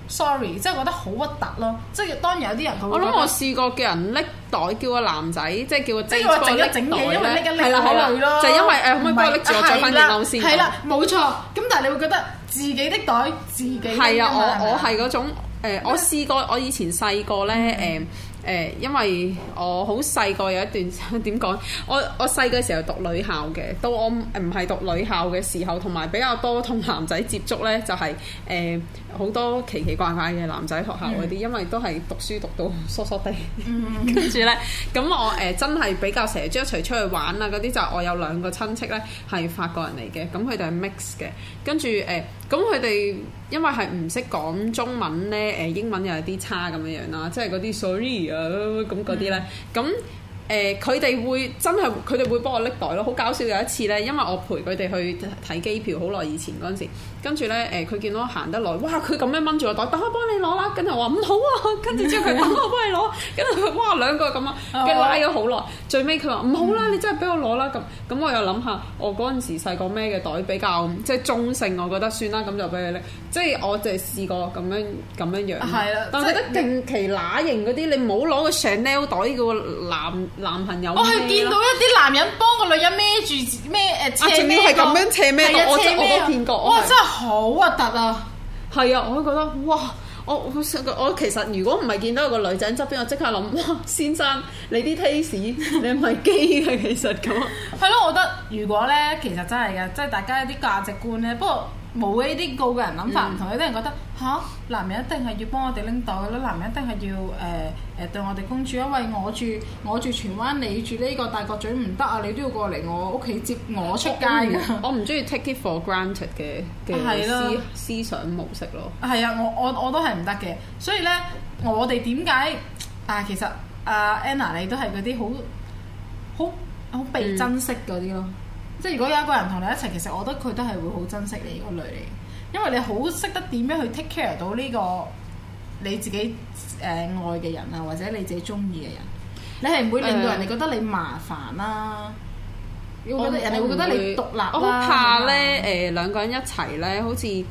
Sorry，即係覺得好核突咯。即係當然有啲人覺得。我諗我試過叫人拎袋，叫個男仔，即係叫個整嘢因為拎緊咧。係可能就因為誒，可唔可以幫我拎住我再翻啲嘢先？係啦，冇錯。咁但係你會覺得自己的袋自己係啊，我我係嗰種誒，我試過我以前細個咧誒。誒、呃，因為我好細個有一段點講，我我細個時候讀女校嘅，到我唔係讀女校嘅時候，同埋比較多同男仔接觸呢，就係誒好多奇奇怪怪嘅男仔學校嗰啲，因為都係讀書讀到疏疏哋。嗯 嗯、跟住呢，咁我誒、呃、真係比較成日一齊出去玩啊嗰啲，就我有兩個親戚呢，係法國人嚟嘅，咁佢哋係 mix 嘅，跟住誒，咁佢哋。因為係唔識講中文咧，誒英文又有啲差咁樣樣啦，即係嗰啲 sorry 啊咁嗰啲咧，咁。嗯誒佢哋會真係佢哋會幫我拎袋咯，好搞笑，有一次咧，因為我陪佢哋去睇機票好耐以前嗰陣時，跟住咧誒佢見到我行得耐，哇佢咁樣掹住我袋，等我幫你攞啦，跟住我話唔好啊，跟住之後佢幫我幫你攞，跟住佢哇兩個咁樣，嘅拉咗好耐，oh, yeah. 最尾佢話唔好啦， 你真係俾我攞啦咁，咁我又諗下我嗰陣時細個孭嘅袋比較即係、就是、中性，我覺得算啦，咁就俾佢拎，即、就、係、是、我就試過咁樣咁樣樣。係啊，但係得定期乸型嗰啲，你唔好攞個 Chanel 袋嗰個男。男朋友、啊，我係見到一啲男人幫個女人孭住孭誒斜孭，我係咁樣斜孭，我我都見過，哇真係好核突啊！係啊，我都覺得哇，我我其實如果唔係見到有個女仔側邊，我即刻諗哇，先生你啲 taste 你唔係基嘅其實咁。係咯， 我覺得如果咧，其實真係嘅，即係大家有啲價值觀咧，不過。冇呢啲個嘅人諗法唔同，有啲人覺得吓，男人一定係要幫我哋拎袋嘅咧，男人一定係要誒誒、呃呃、對我哋公主，因為我住我住荃灣，你住呢個大角咀唔得啊，你都要過嚟我屋企接我出街嘅。我唔中意 take it for granted 嘅思、啊、思想模式咯。係啊，我我我都係唔得嘅，所以咧我哋點解啊？其實阿、啊、Anna 你都係嗰啲好好被珍惜嗰啲咯。嗯即如果有一個人同你一齊，其實我覺得佢都係會好珍惜你呢、呢個女嚟，因為你好識得點樣去 take care 到呢個你自己誒愛嘅人啊，或者你自己中意嘅人，你係唔會令到人哋覺得你麻煩啦。我覺得人哋會覺得你獨立。我好怕咧誒，兩個人一齊咧，好似誒、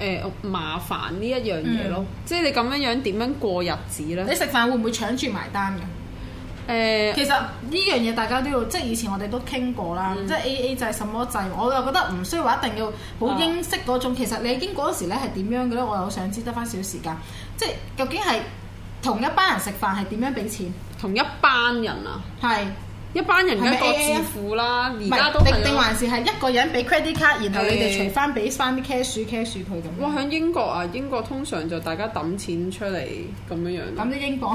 呃、麻煩呢一、嗯、樣嘢咯。即係你咁樣樣點樣過日子咧？你食飯會唔會搶住埋單嘅？誒，呃、其實呢樣嘢大家都要，即係以前我哋都傾過啦，嗯、即係 A A 制什麼制，我又覺得唔需要話一定要好英式嗰種。啊、其實你已經過嗰時咧係點樣嘅咧，我又想知得翻少少時間。即係究竟係同一班人食飯係點樣俾錢？同一班人啊？係。一班人一個支付啦，而家都定定還是係一個人俾 credit card，然後你哋除翻俾翻啲 cash cash 佢咁。哇！喺英國啊，英國通常就大家抌錢出嚟咁樣樣。咁啲英國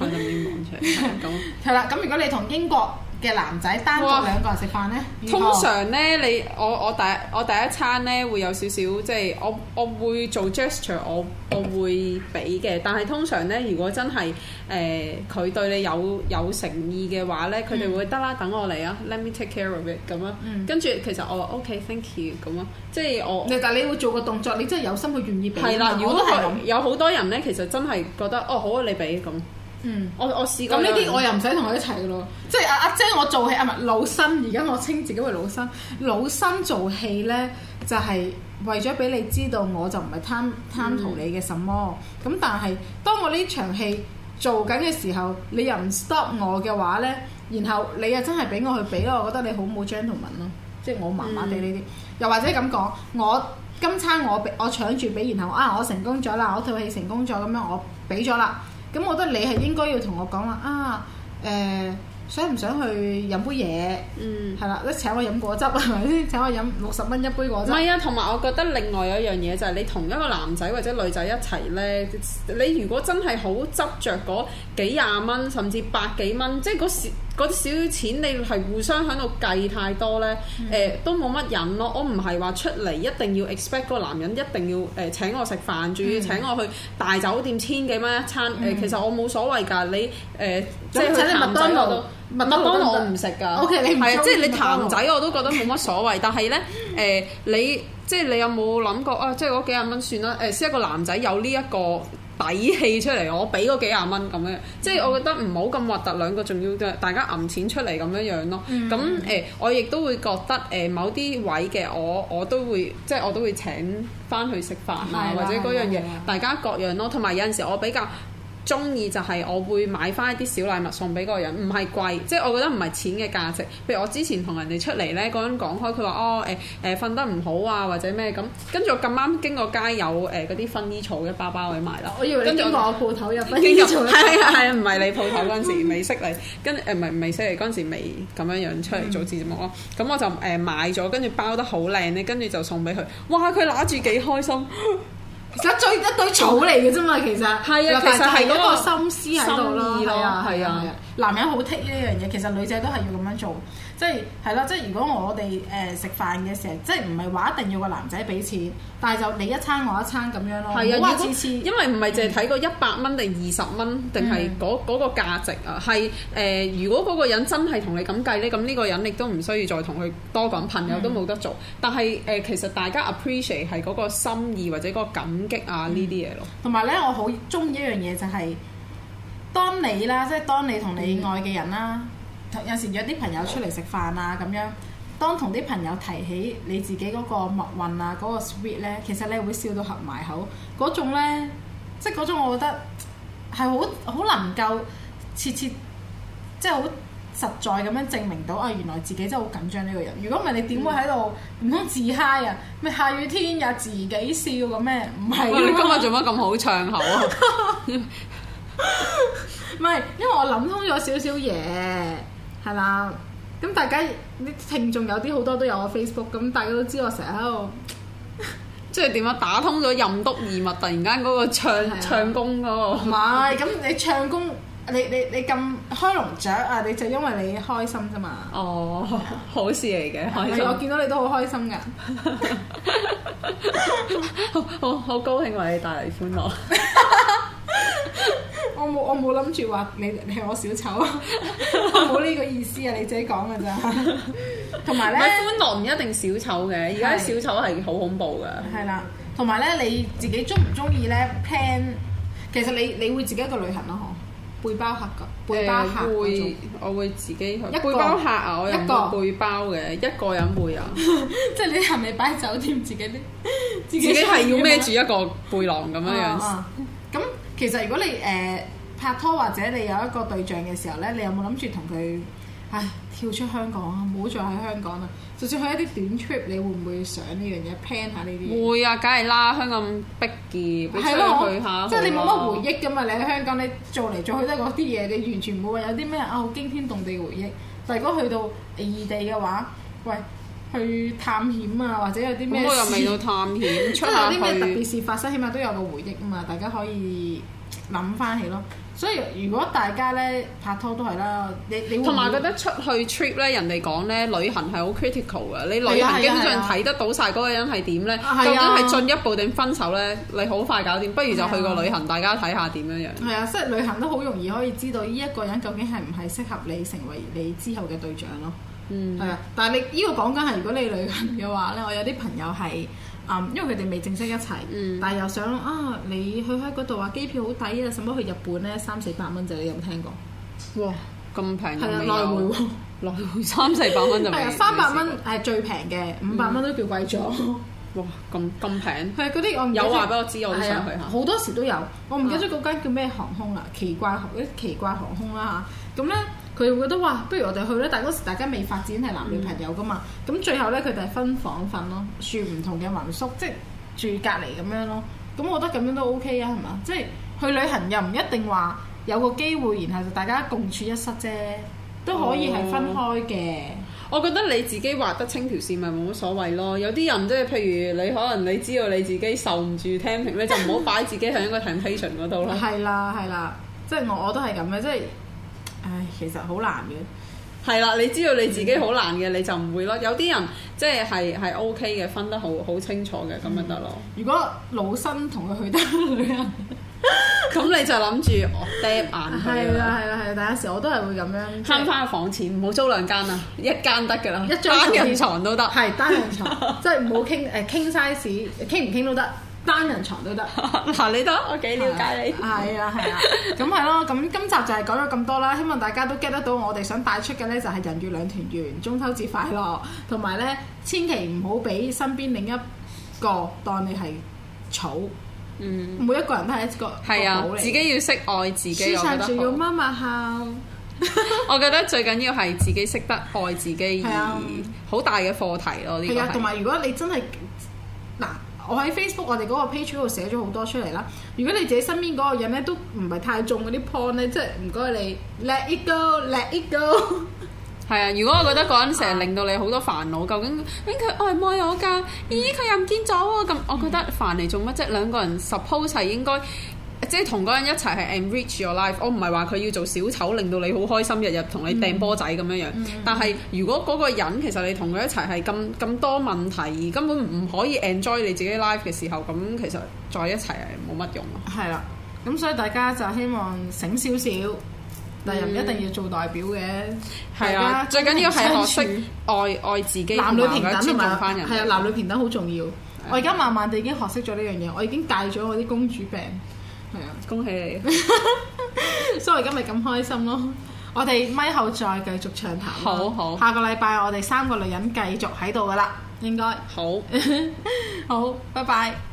係啦， 英國出嚟咁。係啦， 咁 如果你同英國。嘅男仔單獨兩個人食飯咧，通常咧你我我第我第一餐咧會有少少即係我我會做 gesture，我我會俾嘅。但係通常咧，如果真係誒佢對你有有誠意嘅話咧，佢哋會得啦，嗯、等我嚟啊，let me take care of it 咁啊。跟住、嗯、其實我話 ok，thank you 咁啊，即係我。誒，但係你會做個動作，你真係有心去願意俾。係啦，如果係、嗯、有好多人咧，其實真係覺得哦，oh, 好啊，你俾咁。嗯，我我試過咁呢啲，我又唔使同佢一齊嘅咯。即係阿阿姐，我做戲啊，唔老生。而家我稱自己為老生，老生做戲咧就係、是、為咗俾你知道，我就唔係貪貪圖你嘅什麼。咁、嗯、但係當我呢場戲做緊嘅時候，你又唔 stop 我嘅話咧，然後你又真係俾我去俾，我覺得你好冇 gentleman 咯。即係我麻麻地呢啲，又或者咁講，我今餐我俾我搶住俾，然後啊我成功咗啦，我套戲成功咗咁樣我，我俾咗啦。咁我覺得你係應該要同我講話啊，誒、啊呃、想唔想去飲杯嘢，係啦、嗯，都請我飲果汁，係咪先？請我飲六十蚊一杯果汁。唔係啊，同埋我覺得另外有一樣嘢就係你同一個男仔或者女仔一齊呢，你如果真係好執着嗰幾廿蚊，甚至百幾蚊，即係嗰時。嗰啲少少錢，你係互相喺度計太多咧，誒、嗯呃、都冇乜人咯。我唔係話出嚟一定要 expect 個男人一定要誒、呃、請我食飯，仲、嗯、要請我去大酒店千幾蚊一餐。誒、嗯呃、其實我冇所謂㗎，你誒、呃嗯、即係請你麥當勞，麥當勞我唔食㗎。O.K. 你唔啊，即係你譚仔我都覺得冇乜所謂。 但係咧，誒、呃、你即係你有冇諗過啊、呃？即係嗰幾廿蚊算啦。誒先一個男仔有呢、這、一個。底氣出嚟，我俾嗰幾廿蚊咁樣，即係我覺得唔好咁核突，兩個仲要嘅大家揞錢出嚟咁樣樣咯。咁誒、嗯欸，我亦都會覺得誒、呃、某啲位嘅我我都會，即係我都會請返去食飯啊，吧或者嗰樣嘢，吧大家各樣咯。同埋有陣時我比較中意就係我會買翻一啲小禮物送俾嗰個人，唔係貴，即係我覺得唔係錢嘅價值。譬如我之前同人哋出嚟咧，嗰陣講開，佢話哦誒誒瞓得唔好啊或者咩咁，跟住我咁啱經過街有誒嗰啲薰衣草嘅包包去買啦。我以為你經過著我鋪頭入薰衣草著。係係唔係你鋪頭嗰陣時未 識你？跟誒唔係唔係識你嗰陣時未咁樣樣出嚟做節目咯？咁、嗯、我就誒、呃、買咗，跟住包得好靚咧，跟住就送俾佢。哇！佢拿住幾開心。其實一堆一堆草嚟嘅啫嘛，其實，係啊、其實係嗰個心思喺度咯，係啊係啊，男人好剔呢樣嘢，其實女仔都係要咁樣做。即係係啦，即係如果我哋誒、呃、食飯嘅時候，即係唔係話一定要個男仔俾錢，但係就你一餐我一餐咁樣咯。係啊的，如果因為唔係淨係睇個一百蚊定二十蚊，定係嗰嗰個價值啊？係誒、呃，如果嗰個人真係同你咁計咧，咁呢個人亦都唔需要再同佢多講，朋友都冇得做。嗯、但係誒、呃，其實大家 appreciate 係嗰個心意或者個感激啊呢啲嘢咯。同埋咧，我好中意一樣嘢就係、是、當你啦，即係當你同你，你愛嘅人啦。嗯有時約啲朋友出嚟食飯啊咁樣，當同啲朋友提起你自己嗰個蜜運啊嗰、嗰個 sweet 咧，其實你會笑到合埋口，嗰種咧，即係嗰種我覺得係好好能夠切切，即係好實在咁樣證明到啊原來自己真係好緊張呢個人。如果唔係你點會喺度唔通自嗨啊？咪下雨天又自己笑咁咩？唔係、啊、你今日做乜咁好唱口啊？唔係 因為我諗通咗少少嘢。係啦，咁 大家啲聽眾有啲好多都有我 Facebook，咁大家都知我成日喺度，即係點啊打通咗任督二脈，突然間嗰個唱 唱功嗰個。唔係，咁你唱功，你你你咁開龍雀啊，你就因為你開心啫嘛。哦，好事嚟嘅開心， 我見到你都好開心嘅，好好高興為你帶嚟歡樂。我冇我冇諗住話你係我小丑，冇呢個意思啊！你自己講噶咋？同埋咧，歡樂唔一定小丑嘅，而家是小丑係好恐怖噶。係啦，同埋咧，你自己中唔中意咧？Plan 其實你你會自己一個旅行咯？嗬，背包客噶，背包客、呃。會，我會自己去。背包客啊，我一個我背包嘅，一個，一個人背啊， 即係你係咪擺喺酒店自己啲？ 自己係要孭住一個背囊咁樣樣。咁其實如果你誒、呃、拍拖或者你有一個對象嘅時候咧，你有冇諗住同佢唉跳出香港，唔好再喺香港啦。就算去一啲短 trip，你會唔會想呢樣嘢 plan 下呢啲？會啊，梗係啦，香港逼嘅，你去、啊、去下？我即係你冇乜回憶噶嘛？你喺香港你做嚟做去都係嗰啲嘢，你完全冇話有啲咩啊好驚天動地回憶。但如果去到異地嘅話，喂。去探險啊，或者有啲咩？咁我又未到探險， 出一下佢，啲咩特別事發生， 起碼都有個回憶啊嘛，大家可以諗翻起咯。所以如果大家咧拍拖都係啦，你同埋覺得出去 trip 咧，人哋講咧旅行係好 critical 嘅，你旅行基本上睇得到晒嗰個人係點咧，啊啊啊、究竟係進一步定分手咧，你好快搞掂。不如就去個旅行，啊、大家睇下點樣樣。係啊，即係旅行都好容易可以知道呢一個人究竟係唔係適合你成為你之後嘅對象咯。嗯，係啊，但係你呢個講緊係如果你係女嘅話咧，我有啲朋友係，嗯，因為佢哋未正式一齊，嗯、但係又想啊，你去喺嗰度話機票好抵啊，使乜去日本咧，三四百蚊啫，你有冇聽過？哇，咁平！係啊對，來回湯喎，來回三四百蚊就係三百蚊，係最平嘅，五百蚊都叫貴咗。哇，咁咁平！係嗰啲我有話俾我知，我好想去下。好多時都有，我唔記得咗嗰間叫咩航空啦、啊，奇怪航，奇怪航空啦、啊、嚇，咁咧、啊。佢會覺得：「嘩，不如我哋去啦。」但嗰時大家未發展係男女朋友噶嘛，咁、嗯、最後咧佢哋係分房瞓咯，住唔同嘅民宿，即係住隔離咁樣咯。咁我覺得咁樣都 O K 啊，係嘛？即係去旅行又唔一定話有個機會，然後就大家共處一室啫，都可以係分開嘅、哦。我覺得你自己劃得清條線咪冇乜所謂咯。有啲人即係譬如你可能你知道你自己受唔住 temptation 咧，就唔好擺自己喺一個 temptation 嗰度咯。係 啦，係啦，即係我我都係咁嘅，即係。唉，其實好難嘅，係啦，你知道你自己好難嘅，你就唔會咯。有啲人即係係係 OK 嘅，分得好好清楚嘅，咁咪得咯。如果老身同佢去得，咁 你就諗住我 d 瞪眼佢啦。係啦係啦係，但有時我都係會咁樣。慳翻個房錢，唔好租兩間啊，一間得㗎啦，一張單人床，都得。 係單人床。即係唔好傾誒傾 size，傾唔傾都得。 聊單人床都得，嗱，你都，我幾了解你。係啊係啊，咁係咯，咁今集就係講咗咁多啦。希望大家都 get 得到我哋想帶出嘅呢，就係人月兩團圓，中秋節快樂。同埋呢，千祈唔好俾身邊另一個當你係草。嗯，每一個人都係一個寶啊，自己要識愛自己， 我覺得好，仲要媽媽喊。我覺得最緊要係自己識得愛自己，好大嘅課題咯。呢個係。同埋如果你真係。我喺 Facebook 我哋嗰個 page 度寫咗好多出嚟啦。如果你自己身邊嗰個人咧都唔係太中嗰啲 point 咧，即係唔該你 let it go，let it go。係啊，如果我覺得嗰人成日令到你好多煩惱，究竟點佢愛唔愛我㗎？咦，佢又唔見咗喎！咁我覺得煩嚟做乜啫？即係兩個人 suppose 係應該。即係同嗰人一齊係 enrich your life。我唔係話佢要做小丑，令到你好開心，日日同你掟波仔咁樣樣。嗯嗯、但係如果嗰個人其實你同佢一齊係咁咁多問題，根本唔可以 enjoy 你自己 life 嘅時候，咁其實在一齊係冇乜用咯。係啦，咁所以大家就希望醒少少，嗯、但又唔一定要做代表嘅。係了啊，最緊要係學識愛愛自己同埋嗰啲，同埋係啊，男女平等好重要。啊、我而家慢慢地已經學識咗呢樣嘢，我已經戒咗我啲公主病。係啊，對恭喜你， 所以而家咪咁開心咯。我哋咪後再繼續暢談，好，好好。下個禮拜我哋三個女人繼續喺度噶啦，應該好， 好， 拜拜。